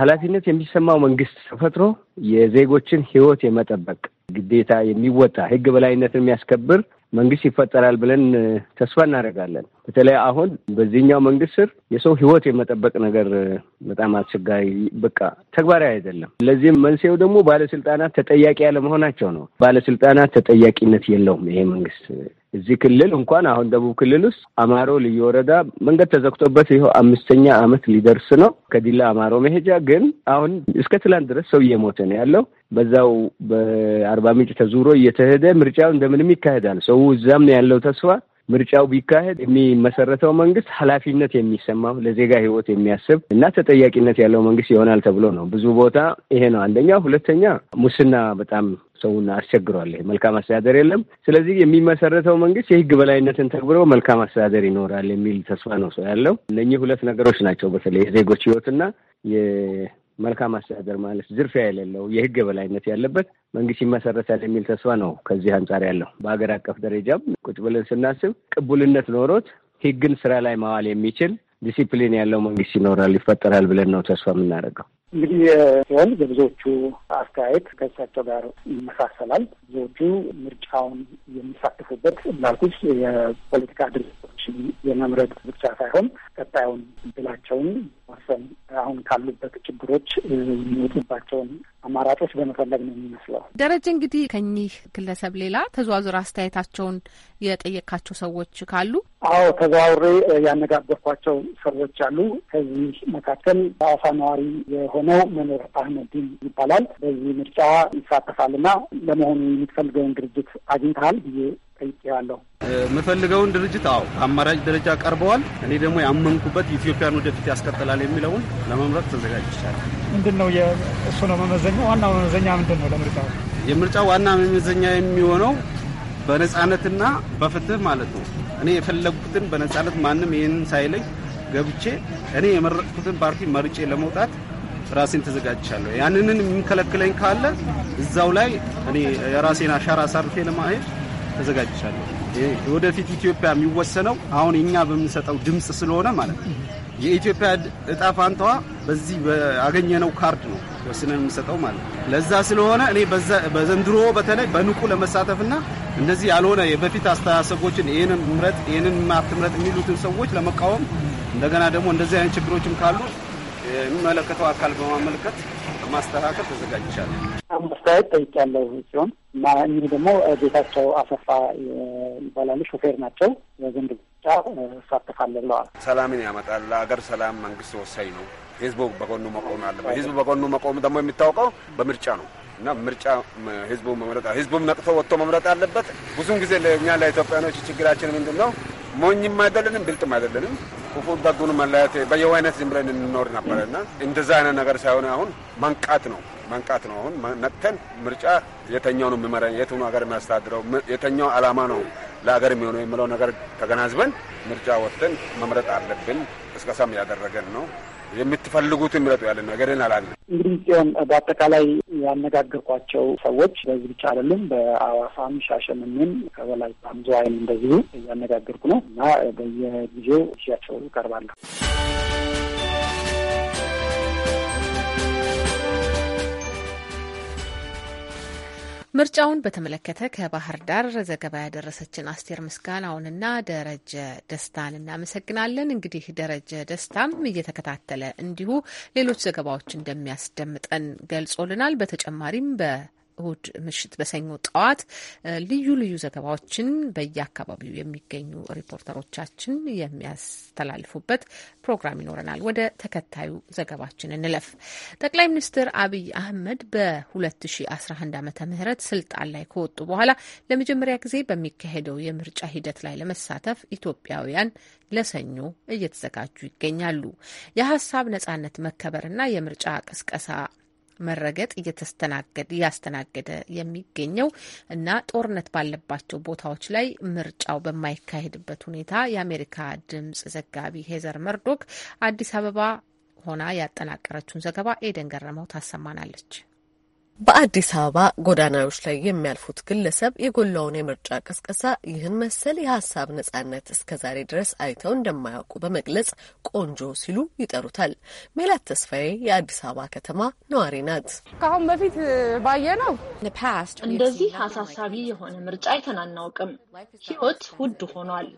ኃላፊነት የሚሰማው መንግስት ተፈጥሮ የዜጎችን ህይወት የመጠበቅ ግዴታ የሚወጣ ህግ በላይነትን የሚያስከብር መንግስት ይፈጠራል ብለን ተስፋ እናደርጋለን። በተለይ አሁን በዚህኛው መንግስት ስር የሰው ህይወት የመጠበቅ ነገር በጣም አስቸጋሪ በቃ ተግባራዊ አይደለም። ለዚህም መንስኤው ደግሞ ባለስልጣናት ተጠያቂ ያለመሆናቸው ነው። ባለስልጣናት ተጠያቂነት የለውም ይሄ መንግስት እዚህ ክልል እንኳን አሁን ደቡብ ክልል ውስጥ አማሮ ልዩ ወረዳ መንገድ ተዘግቶበት ይኸው አምስተኛ ዓመት ሊደርስ ነው። ከዲላ አማሮ መሄጃ ግን አሁን እስከ ትላንት ድረስ ሰው እየሞተ ነው ያለው። በዛው በአርባ ምንጭ ተዙሮ እየተሄደ ምርጫው እንደምንም ይካሄዳል። ሰው እዛም ያለው ተስፋ ምርጫው ቢካሄድ የሚመሰረተው መንግስት ኃላፊነት የሚሰማው ለዜጋ ህይወት የሚያስብ እና ተጠያቂነት ያለው መንግስት ይሆናል ተብሎ ነው። ብዙ ቦታ ይሄ ነው አንደኛ ሁለተኛ ሙስና በጣም ሰውን አስቸግሯል። ይሄ መልካም አስተዳደር የለም። ስለዚህ የሚመሰረተው መንግስት የህግ በላይነትን ተግብሮ መልካም አስተዳደር ይኖራል የሚል ተስፋ ነው ሰው ያለው። እነኚህ ሁለት ነገሮች ናቸው በተለይ የዜጎች ህይወትና መልካም አስተዳደር ማለት ዝርፊያ የሌለው የህግ የበላይነት ያለበት መንግስት ይመሰረታል የሚል ተስፋ ነው። ከዚህ አንጻር ያለው በሀገር አቀፍ ደረጃም ቁጭ ብለን ስናስብ ቅቡልነት ኖሮት ህግን ስራ ላይ ማዋል የሚችል ዲሲፕሊን ያለው መንግስት ይኖራል ይፈጠራል ብለን ነው ተስፋ የምናደርገው። እንግዲህ ሲሆን የብዙዎቹ አስተያየት ከእሳቸው ጋር ይመሳሰላል። ብዙዎቹ ምርጫውን የሚሳተፉበት እንዳልኩሽ የፖለቲካ ድርጅት የመምረጥ ብቻ ሳይሆን ቀጣዩን እድላቸውን ወሰን አሁን ካሉበት ችግሮች የሚወጡባቸውን አማራጮች በመፈለግ ነው የሚመስለው። ደረጀ እንግዲህ ከኚህ ግለሰብ ሌላ ተዘዋዙር አስተያየታቸውን የጠየካቸው ሰዎች ካሉ? አዎ ተዘዋውሬ ያነጋገርኳቸው ሰዎች አሉ። ከዚህ መካከል በአዋሳ ነዋሪ የሆነው መኖር አህመዲን ይባላል። በዚህ ምርጫ ይሳተፋልና ለመሆኑ የምትፈልገውን ድርጅት አግኝተሃል ብዬ ጠይቄዋለሁ። የምፈልገውን ድርጅት አዎ አማራጭ ደረጃ ቀርበዋል። እኔ ደግሞ ያመንኩበት ኢትዮጵያን ወደፊት ያስቀጥላል የሚለውን ለመምረጥ ተዘጋጅቻለሁ። ምንድን ነው እሱ ነው መመዘኛ? ዋና መመዘኛ ምንድን ነው? ለምርጫው የምርጫ ዋና መመዘኛ የሚሆነው በነጻነትና በፍትህ ማለት ነው። እኔ የፈለግኩትን በነጻነት ማንም ይህን ሳይለኝ ገብቼ እኔ የመረጥኩትን ፓርቲ መርጬ ለመውጣት ራሴን ተዘጋጅቻለሁ። ያንንን የሚከለክለኝ ካለ እዛው ላይ እኔ የራሴን አሻራ አሳርፌ ለማሄድ ተዘጋጅቻለሁ። ወደፊት ኢትዮጵያ የሚወሰነው አሁን እኛ በምንሰጠው ድምፅ ስለሆነ ማለት ነው። የኢትዮጵያ እጣ ፋንታዋ በዚህ ያገኘነው ካርድ ነው ወስነን የምንሰጠው ማለት ነው። ለዛ ስለሆነ እኔ በዘንድሮ በተለይ በንቁ ለመሳተፍና እንደዚህ ያልሆነ የበፊት አስተሳሰቦችን ይህንን ምረጥ፣ ይህንን ማትምረጥ የሚሉትን ሰዎች ለመቃወም እንደገና ደግሞ እንደዚህ አይነት ችግሮችም ካሉ የሚመለከተው አካል በማመልከት ማስተካከል ተዘጋጅቻለሁ። አስተያየት ጠይቄያለሁ ሲሆን ይህ ደግሞ ቤታቸው አሰፋ ይባላሉ። ሾፌር ናቸው። ዘንድ ብቻ እሳተፋለሁ ብለዋል። ሰላምን ያመጣል። ለአገር ሰላም መንግስት ወሳኝ ነው። ህዝቡ በጎኑ መቆም አለበት። ህዝቡ በጎኑ መቆም ደግሞ የሚታወቀው በምርጫ ነው እና ምርጫ ህዝቡ መምረጥ ህዝቡም ነቅቶ ወጥቶ መምረጥ አለበት። ብዙም ጊዜ ለእኛ ለኢትዮጵያኖች ችግራችን ምንድን ነው? ሞኝም አይደለንም፣ ብልጥም አይደለንም። ክፉ በጉን መለያየት በየዋይነት አይነት ዝም ብለን እንኖር ነበረ እና እንደዛ አይነት ነገር ሳይሆን አሁን መንቃት ነው መንቃት ነው። አሁን ነቅተን ምርጫ የተኛው ነው የሚመራ የትኑ ሀገር የሚያስተዳድረው የተኛው አላማ ነው ለሀገር የሚሆነው የሚለው ነገር ተገናዝበን ምርጫ ወጥተን መምረጥ አለብን። ቅስቀሳም ያደረገን ነው። የምትፈልጉትን ምረጡ ያለን ነገርን አላለ። እንግዲህ ጽዮን፣ በአጠቃላይ ያነጋገርኳቸው ሰዎች በዚህ ብቻ አይደለም፣ በአዋሳም ሻሸምኔም፣ ከበላይ ዝዋይም እንደዚሁ እያነጋገርኩ ነው እና በየጊዜው ሽያቸው እቀርባለሁ። ምርጫውን በተመለከተ ከባህር ዳር ዘገባ ያደረሰችን አስቴር ምስጋናውንና ደረጀ ደስታን እናመሰግናለን። እንግዲህ ደረጀ ደስታም እየተከታተለ እንዲሁ ሌሎች ዘገባዎች እንደሚያስደምጠን ገልጾልናል። በተጨማሪም በ እሁድ ምሽት በሰኞ ጠዋት ልዩ ልዩ ዘገባዎችን በየአካባቢው የሚገኙ ሪፖርተሮቻችን የሚያስተላልፉበት ፕሮግራም ይኖረናል። ወደ ተከታዩ ዘገባችን እንለፍ። ጠቅላይ ሚኒስትር አብይ አህመድ በ2011 ዓ.ም ስልጣን ላይ ከወጡ በኋላ ለመጀመሪያ ጊዜ በሚካሄደው የምርጫ ሂደት ላይ ለመሳተፍ ኢትዮጵያውያን ለሰኞ እየተዘጋጁ ይገኛሉ። የሀሳብ ነጻነት መከበርና የምርጫ ቅስቀሳ መረገጥ እያስተናገደ የሚገኘው እና ጦርነት ባለባቸው ቦታዎች ላይ ምርጫው በማይካሄድበት ሁኔታ የአሜሪካ ድምጽ ዘጋቢ ሄዘር መርዶክ አዲስ አበባ ሆና ያጠናቀረችውን ዘገባ ኤደን ገረመው ታሰማናለች። በአዲስ አበባ ጎዳናዎች ላይ የሚያልፉት ግለሰብ የጎላውን የምርጫ ቅስቀሳ ይህን መሰል የሀሳብ ነጻነት እስከዛሬ ድረስ አይተው እንደማያውቁ በመግለጽ ቆንጆ ሲሉ ይጠሩታል። ሜላት ተስፋዬ የአዲስ አበባ ከተማ ነዋሪ ናት። ከአሁን በፊት ነው እንደዚህ አሳሳቢ የሆነ ምርጫ አይተን አናውቅም። ሕይወት ውድ ሆኗል።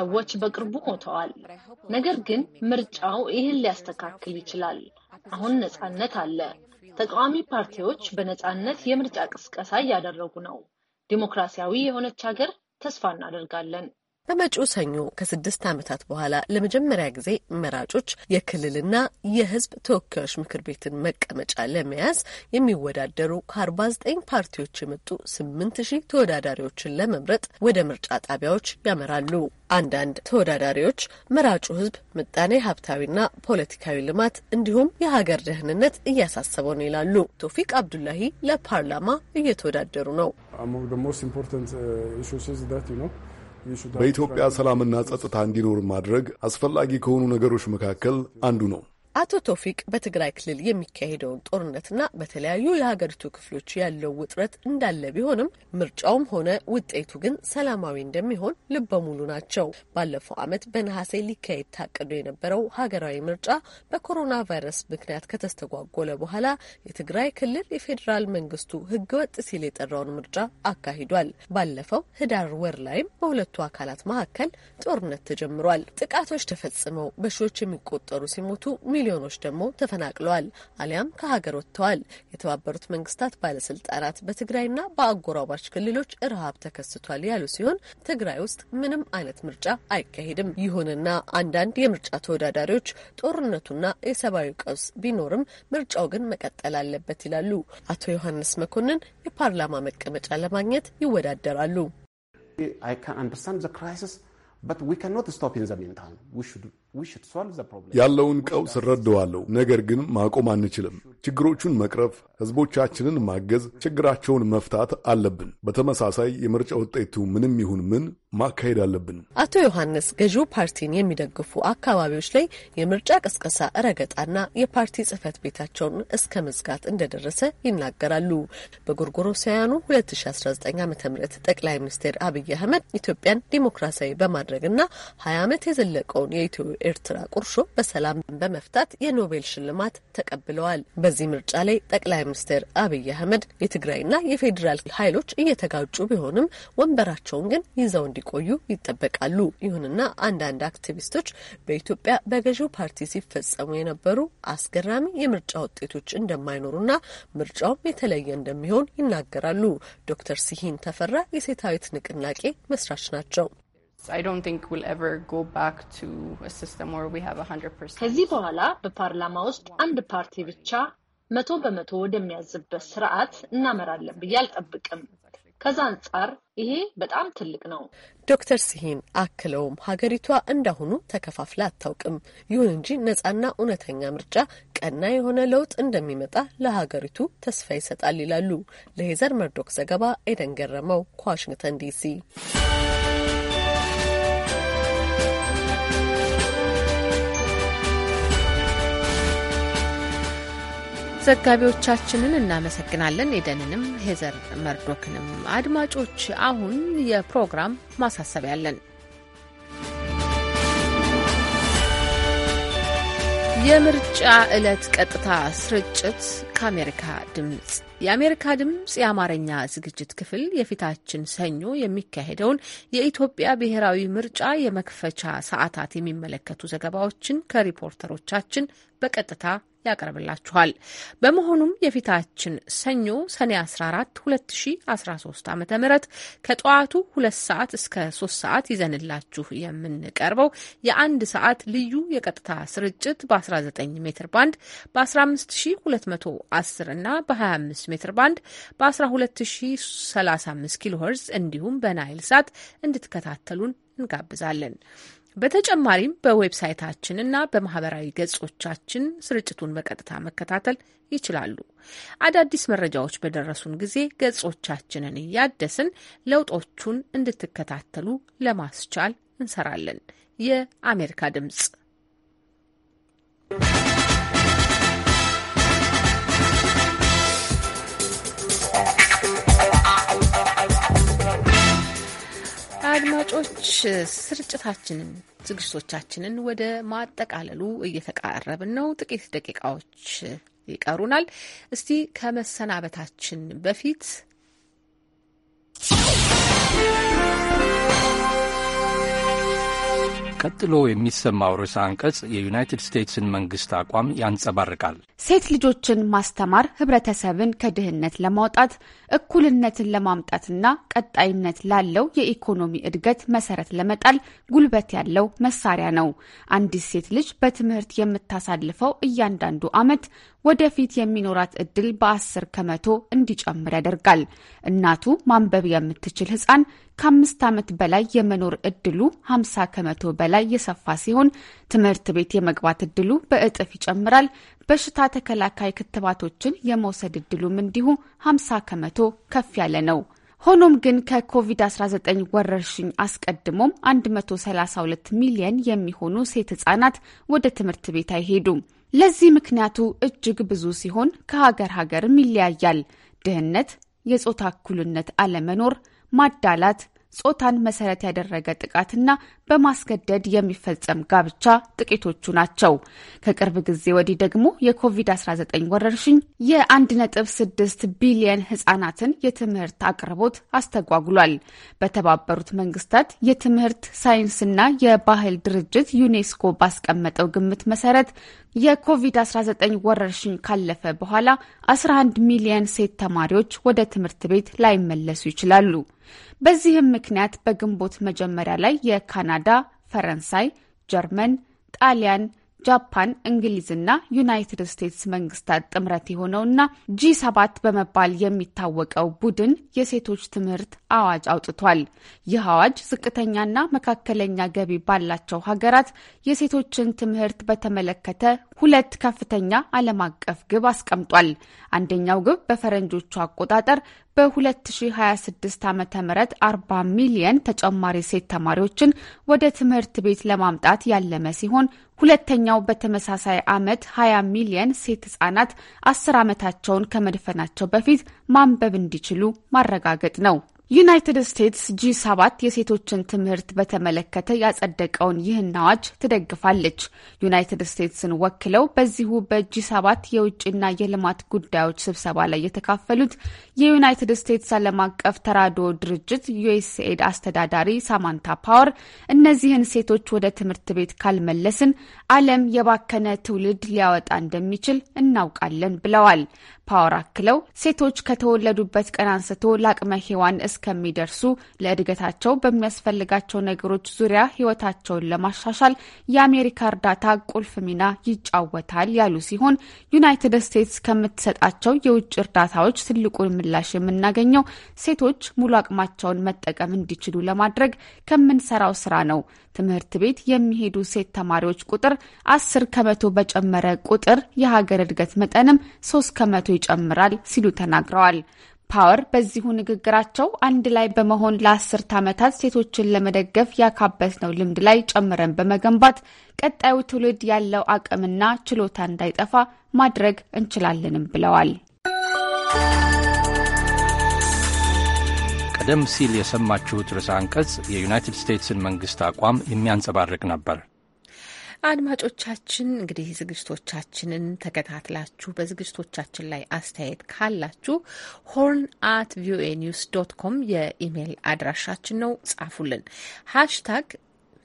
ሰዎች በቅርቡ ሞተዋል። ነገር ግን ምርጫው ይህን ሊያስተካክል ይችላል። አሁን ነጻነት አለ። ተቃዋሚ ፓርቲዎች በነፃነት የምርጫ ቅስቀሳ እያደረጉ ነው። ዲሞክራሲያዊ የሆነች ሀገር ተስፋ እናደርጋለን። በመጪው ሰኞ ከስድስት ዓመታት በኋላ ለመጀመሪያ ጊዜ መራጮች የክልልና የሕዝብ ተወካዮች ምክር ቤትን መቀመጫ ለመያዝ የሚወዳደሩ ከአርባ ዘጠኝ ፓርቲዎች የመጡ ስምንት ሺህ ተወዳዳሪዎችን ለመምረጥ ወደ ምርጫ ጣቢያዎች ያመራሉ። አንዳንድ ተወዳዳሪዎች መራጩ ሕዝብ ምጣኔ ሀብታዊና ፖለቲካዊ ልማት እንዲሁም የሀገር ደህንነት እያሳሰበው ነው ይላሉ። ቶፊቅ አብዱላሂ ለፓርላማ እየተወዳደሩ ነው። በኢትዮጵያ ሰላምና ጸጥታ እንዲኖር ማድረግ አስፈላጊ ከሆኑ ነገሮች መካከል አንዱ ነው። አቶ ቶፊቅ በትግራይ ክልል የሚካሄደውን ጦርነትና በተለያዩ የሀገሪቱ ክፍሎች ያለው ውጥረት እንዳለ ቢሆንም ምርጫውም ሆነ ውጤቱ ግን ሰላማዊ እንደሚሆን ሙሉ ናቸው። ባለፈው ዓመት በነሐሴ ሊካሄድ ታቅዶ የነበረው ሀገራዊ ምርጫ በኮሮና ቫይረስ ምክንያት ከተስተጓጎለ በኋላ የትግራይ ክልል የፌዴራል መንግስቱ ህገወጥ ሲል የጠራውን ምርጫ አካሂዷል። ባለፈው ህዳር ወር ላይም በሁለቱ አካላት መካከል ጦርነት ተጀምሯል። ጥቃቶች ተፈጽመው በሺዎች የሚቆጠሩ ሲሞቱ ሚሊዮኖች ደግሞ ተፈናቅለዋል አሊያም ከሀገር ወጥተዋል። የተባበሩት መንግስታት ባለስልጣናት በትግራይና በአጎራባች ክልሎች ረሃብ ተከስቷል ያሉ ሲሆን ትግራይ ውስጥ ምንም አይነት ምርጫ አይካሄድም። ይሁንና አንዳንድ የምርጫ ተወዳዳሪዎች ጦርነቱና የሰብአዊ ቀውስ ቢኖርም ምርጫው ግን መቀጠል አለበት ይላሉ። አቶ ዮሐንስ መኮንን የፓርላማ መቀመጫ ለማግኘት ይወዳደራሉ። ያለውን ቀውስ ረደዋለሁ ነገር ግን ማቆም አንችልም። ችግሮቹን መቅረፍ፣ ህዝቦቻችንን ማገዝ፣ ችግራቸውን መፍታት አለብን። በተመሳሳይ የምርጫ ውጤቱ ምንም ይሁን ምን ማካሄድ አለብን። አቶ ዮሐንስ ገዢው ፓርቲን የሚደግፉ አካባቢዎች ላይ የምርጫ ቀስቀሳ ረገጣና የፓርቲ ጽህፈት ቤታቸውን እስከ መዝጋት እንደደረሰ ይናገራሉ። በጎርጎሮሳውያኑ 2019 ዓ ም ጠቅላይ ሚኒስትር አብይ አህመድ ኢትዮጵያን ዲሞክራሲያዊ በማድረግና 20 ዓመት የዘለቀውን የኢትዮ የኤርትራ ቁርሾ በሰላም በመፍታት የኖቤል ሽልማት ተቀብለዋል። በዚህ ምርጫ ላይ ጠቅላይ ሚኒስትር አብይ አህመድ የትግራይና የፌዴራል ኃይሎች እየተጋጩ ቢሆንም ወንበራቸውን ግን ይዘው እንዲቆዩ ይጠበቃሉ። ይሁንና አንዳንድ አክቲቪስቶች በኢትዮጵያ በገዢው ፓርቲ ሲፈጸሙ የነበሩ አስገራሚ የምርጫ ውጤቶች እንደማይኖሩና ምርጫውም የተለየ እንደሚሆን ይናገራሉ። ዶክተር ሲሂን ተፈራ የሴታዊት ንቅናቄ መስራች ናቸው። ከዚህ በኋላ በፓርላማ ውስጥ አንድ ፓርቲ ብቻ መቶ በመቶ ወደሚያዝበት ስርዓት እናመራለን ብዬ አልጠብቅም። ከዛ አንጻር ይሄ በጣም ትልቅ ነው። ዶክተር ስሂን አክለውም ሀገሪቷ እንዳሁኑ ተከፋፍላ አታውቅም። ይሁን እንጂ ነጻና እውነተኛ ምርጫ፣ ቀና የሆነ ለውጥ እንደሚመጣ ለሀገሪቱ ተስፋ ይሰጣል ይላሉ። ለሄዘር መርዶክ ዘገባ ኤደን ገረመው ከዋሽንግተን ዲሲ ዘጋቢዎቻችንን እናመሰግናለን። ኤደንንም ሄዘር መርዶክንም። አድማጮች አሁን የፕሮግራም ማሳሰቢያ አለን። የምርጫ ዕለት ቀጥታ ስርጭት ከአሜሪካ ድምፅ የአሜሪካ ድምፅ የአማርኛ ዝግጅት ክፍል የፊታችን ሰኞ የሚካሄደውን የኢትዮጵያ ብሔራዊ ምርጫ የመክፈቻ ሰዓታት የሚመለከቱ ዘገባዎችን ከሪፖርተሮቻችን በቀጥታ ያቀርብላችኋል። በመሆኑም የፊታችን ሰኞ ሰኔ 14 2013 ዓ ም ከጠዋቱ ሁለት ሰዓት እስከ ሶስት ሰዓት ይዘንላችሁ የምንቀርበው የአንድ ሰዓት ልዩ የቀጥታ ስርጭት በ19 ሜትር ባንድ በ15210 እና በ25 ሜትር ባንድ በ12035 ኪሎ ሄርዝ እንዲሁም በናይል ሳት እንድትከታተሉን እንጋብዛለን። በተጨማሪም በዌብሳይታችን እና በማህበራዊ ገጾቻችን ስርጭቱን በቀጥታ መከታተል ይችላሉ። አዳዲስ መረጃዎች በደረሱን ጊዜ ገጾቻችንን እያደስን ለውጦቹን እንድትከታተሉ ለማስቻል እንሰራለን። የአሜሪካ ድምጽ አድማጮች ስርጭታችንን ዝግጅቶቻችንን ወደ ማጠቃለሉ እየተቃረብን ነው። ጥቂት ደቂቃዎች ይቀሩናል። እስቲ ከመሰናበታችን በፊት ቀጥሎ የሚሰማው ርዕሰ አንቀጽ የዩናይትድ ስቴትስን መንግስት አቋም ያንጸባርቃል። ሴት ልጆችን ማስተማር ህብረተሰብን ከድህነት ለማውጣት እኩልነትን ለማምጣትና ቀጣይነት ላለው የኢኮኖሚ እድገት መሰረት ለመጣል ጉልበት ያለው መሳሪያ ነው። አንዲት ሴት ልጅ በትምህርት የምታሳልፈው እያንዳንዱ ዓመት ወደፊት የሚኖራት እድል በአስር ከመቶ እንዲጨምር ያደርጋል። እናቱ ማንበብ የምትችል ህፃን ከአምስት ዓመት በላይ የመኖር እድሉ ሀምሳ ከመቶ በላይ የሰፋ ሲሆን ትምህርት ቤት የመግባት እድሉ በእጥፍ ይጨምራል። በሽታ ተከላካይ ክትባቶችን የመውሰድ እድሉም እንዲሁ 50 ከመቶ ከፍ ያለ ነው። ሆኖም ግን ከኮቪድ-19 ወረርሽኝ አስቀድሞም 132 ሚሊየን የሚሆኑ ሴት ህጻናት ወደ ትምህርት ቤት አይሄዱም። ለዚህ ምክንያቱ እጅግ ብዙ ሲሆን ከሀገር ሀገርም ይለያያል። ድህነት፣ የጾታ እኩልነት አለመኖር፣ ማዳላት ጾታን መሰረት ያደረገ ጥቃትና በማስገደድ የሚፈጸም ጋብቻ ጥቂቶቹ ናቸው። ከቅርብ ጊዜ ወዲህ ደግሞ የኮቪድ-19 ወረርሽኝ የ1.6 ቢሊየን ህጻናትን የትምህርት አቅርቦት አስተጓጉሏል። በተባበሩት መንግስታት የትምህርት ሳይንስና የባህል ድርጅት ዩኔስኮ ባስቀመጠው ግምት መሰረት የኮቪድ-19 ወረርሽኝ ካለፈ በኋላ 11 ሚሊየን ሴት ተማሪዎች ወደ ትምህርት ቤት ላይመለሱ ይችላሉ። በዚህም ምክንያት በግንቦት መጀመሪያ ላይ የካናዳ፣ ፈረንሳይ፣ ጀርመን፣ ጣሊያን ጃፓን፣ እንግሊዝና ዩናይትድ ስቴትስ መንግስታት ጥምረት የሆነውና ጂ ሰባት በመባል የሚታወቀው ቡድን የሴቶች ትምህርት አዋጅ አውጥቷል። ይህ አዋጅ ዝቅተኛና መካከለኛ ገቢ ባላቸው ሀገራት የሴቶችን ትምህርት በተመለከተ ሁለት ከፍተኛ ዓለም አቀፍ ግብ አስቀምጧል። አንደኛው ግብ በፈረንጆቹ አቆጣጠር በ2026 ዓ ም 40 ሚሊየን ተጨማሪ ሴት ተማሪዎችን ወደ ትምህርት ቤት ለማምጣት ያለመ ሲሆን ሁለተኛው በተመሳሳይ ዓመት 20 ሚሊየን ሴት ህጻናት 10 ዓመታቸውን ከመድፈናቸው በፊት ማንበብ እንዲችሉ ማረጋገጥ ነው። ዩናይትድ ስቴትስ ጂ ሰባት የሴቶችን ትምህርት በተመለከተ ያጸደቀውን ይህን አዋጅ ትደግፋለች። ዩናይትድ ስቴትስን ወክለው በዚሁ በጂ ሰባት የውጭና የልማት ጉዳዮች ስብሰባ ላይ የተካፈሉት የዩናይትድ ስቴትስ ዓለም አቀፍ ተራድኦ ድርጅት ዩኤስኤድ አስተዳዳሪ ሳማንታ ፓወር እነዚህን ሴቶች ወደ ትምህርት ቤት ካልመለስን ዓለም የባከነ ትውልድ ሊያወጣ እንደሚችል እናውቃለን ብለዋል። ፓወር አክለው ሴቶች ከተወለዱበት ቀን አንስቶ ለአቅመ ሔዋን እስከሚደርሱ ለእድገታቸው በሚያስፈልጋቸው ነገሮች ዙሪያ ህይወታቸውን ለማሻሻል የአሜሪካ እርዳታ ቁልፍ ሚና ይጫወታል ያሉ ሲሆን ዩናይትድ ስቴትስ ከምትሰጣቸው የውጭ እርዳታዎች ትልቁን ምላሽ የምናገኘው ሴቶች ሙሉ አቅማቸውን መጠቀም እንዲችሉ ለማድረግ ከምንሰራው ስራ ነው። ትምህርት ቤት የሚሄዱ ሴት ተማሪዎች ቁጥር አስር ከመቶ በጨመረ ቁጥር የሀገር እድገት መጠንም ሶስት ከመቶ ይጨምራል ሲሉ ተናግረዋል። ፓወር በዚሁ ንግግራቸው አንድ ላይ በመሆን ለአስርት ዓመታት ሴቶችን ለመደገፍ ያካበትነው ልምድ ላይ ጨምረን በመገንባት ቀጣዩ ትውልድ ያለው አቅምና ችሎታ እንዳይጠፋ ማድረግ እንችላለንም ብለዋል። ቀደም ሲል የሰማችሁት ርዕሰ አንቀጽ የዩናይትድ ስቴትስን መንግስት አቋም የሚያንጸባርቅ ነበር። አድማጮቻችን እንግዲህ ዝግጅቶቻችንን ተከታትላችሁ በዝግጅቶቻችን ላይ አስተያየት ካላችሁ ሆርን አት ቪኦኤ ኒውስ ዶት ኮም የኢሜይል አድራሻችን ነው። ጻፉልን። ሃሽታግ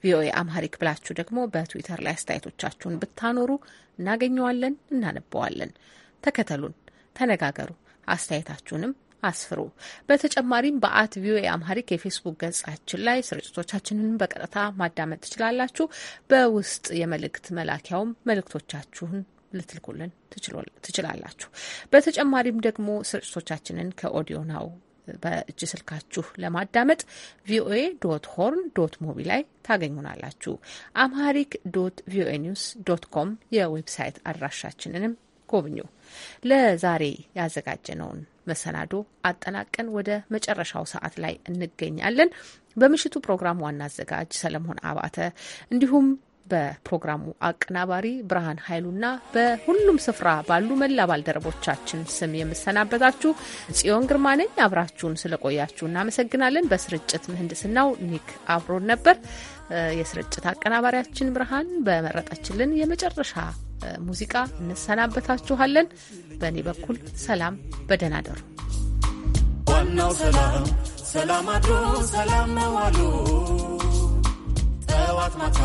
ቪኦኤ አምሃሪክ ብላችሁ ደግሞ በትዊተር ላይ አስተያየቶቻችሁን ብታኖሩ እናገኘዋለን፣ እናነበዋለን። ተከተሉን፣ ተነጋገሩ። አስተያየታችሁንም አስፍሩ። በተጨማሪም በአት ቪኦኤ አምሃሪክ የፌስቡክ ገጻችን ላይ ስርጭቶቻችንን በቀጥታ ማዳመጥ ትችላላችሁ። በውስጥ የመልእክት መላኪያውም መልእክቶቻችሁን ልትልኩልን ትችላላችሁ። በተጨማሪም ደግሞ ስርጭቶቻችንን ከኦዲዮ ናው በእጅ ስልካችሁ ለማዳመጥ ቪኦኤ ዶት ሆርን ዶት ሞቢ ላይ ታገኙናላችሁ። አምሃሪክ ዶት ቪኦኤ ኒውስ ዶት ኮም የዌብሳይት አድራሻችንንም ጎብኙ። ለዛሬ ያዘጋጀነውን መሰናዶ አጠናቀን ወደ መጨረሻው ሰዓት ላይ እንገኛለን። በምሽቱ ፕሮግራም ዋና አዘጋጅ ሰለሞን አባተ እንዲሁም በፕሮግራሙ አቀናባሪ ብርሃን ኃይሉና በሁሉም ስፍራ ባሉ መላ ባልደረቦቻችን ስም የምሰናበታችሁ ጽዮን ግርማ ነኝ። አብራችሁን ስለቆያችሁ እናመሰግናለን። በስርጭት ምህንድስናው ኒክ አብሮን ነበር። የስርጭት አቀናባሪያችን ብርሃን በመረጠችልን የመጨረሻ ሙዚቃ እንሰናበታችኋለን። በእኔ በኩል ሰላም፣ በደህና ደሩ። ዋናው ሰላም ሰላም አድሮ ሰላም መዋሉ ጠዋት ማታ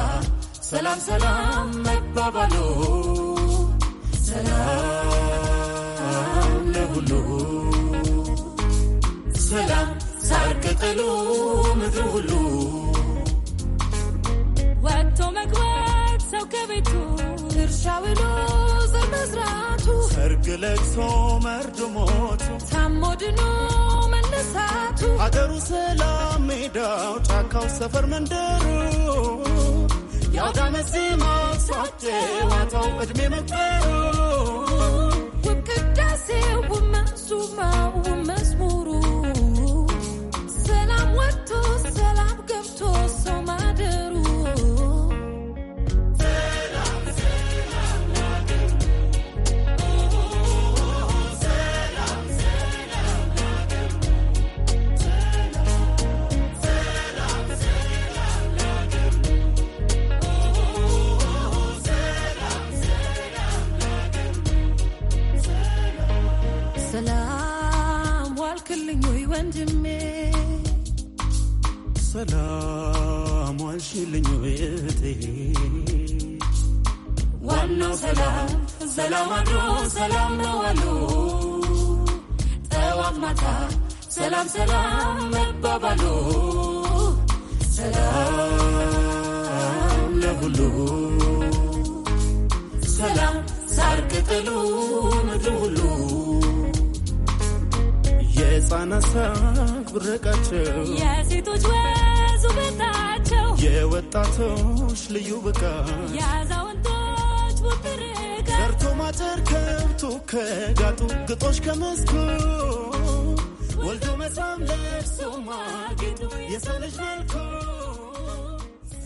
ሰላም ሰላም መባባሉ ሰላም ለሁሉ ሰላም ሳር ቅጠሉ ምድር ሁሉ ወጥቶ መግባት ሰው ከቤቱ ጋሻ ብሎ ዘር መዝራቱ ሰርግ ለቅሶ መርድ ሞቱ ታሞ ድኖ መነሳቱ አገሩ ሰላም ሜዳው ጫካው ሰፈር መንደሩ የአውዳመት ዜማ ሳቴ ዋታው ዕድሜ መቁጠሩ ውብ ቅዳሴ ውብ መዝሙማ ሰላም ወጥቶ ሰላም ገብቶ ሰው ማደር ወንድሜ ሰላም ዋልሽልኝ ቤቴ ዋናው ሰላም ሰላም አድሮ ሰላም ነው አሉ ጠዋት ማታ ሰላም ሰላም መባባሉ ሰላም ለሁሉ ሰላም ሳር ቅጠሉ ምድሩ የሕፃናት ሳቅ ብረቃቸው የሴቶች ወዙ በታቸው የወጣቶች ልዩ ብቃ የአዛውንቶች ውድርቃ ሰርቶ ማጨር ከብቶ ከጋጡ ግጦሽ ከመስኩ ወልዶ መሳም ለብሶ ማጌጡ የሰው ልጅ መልኩ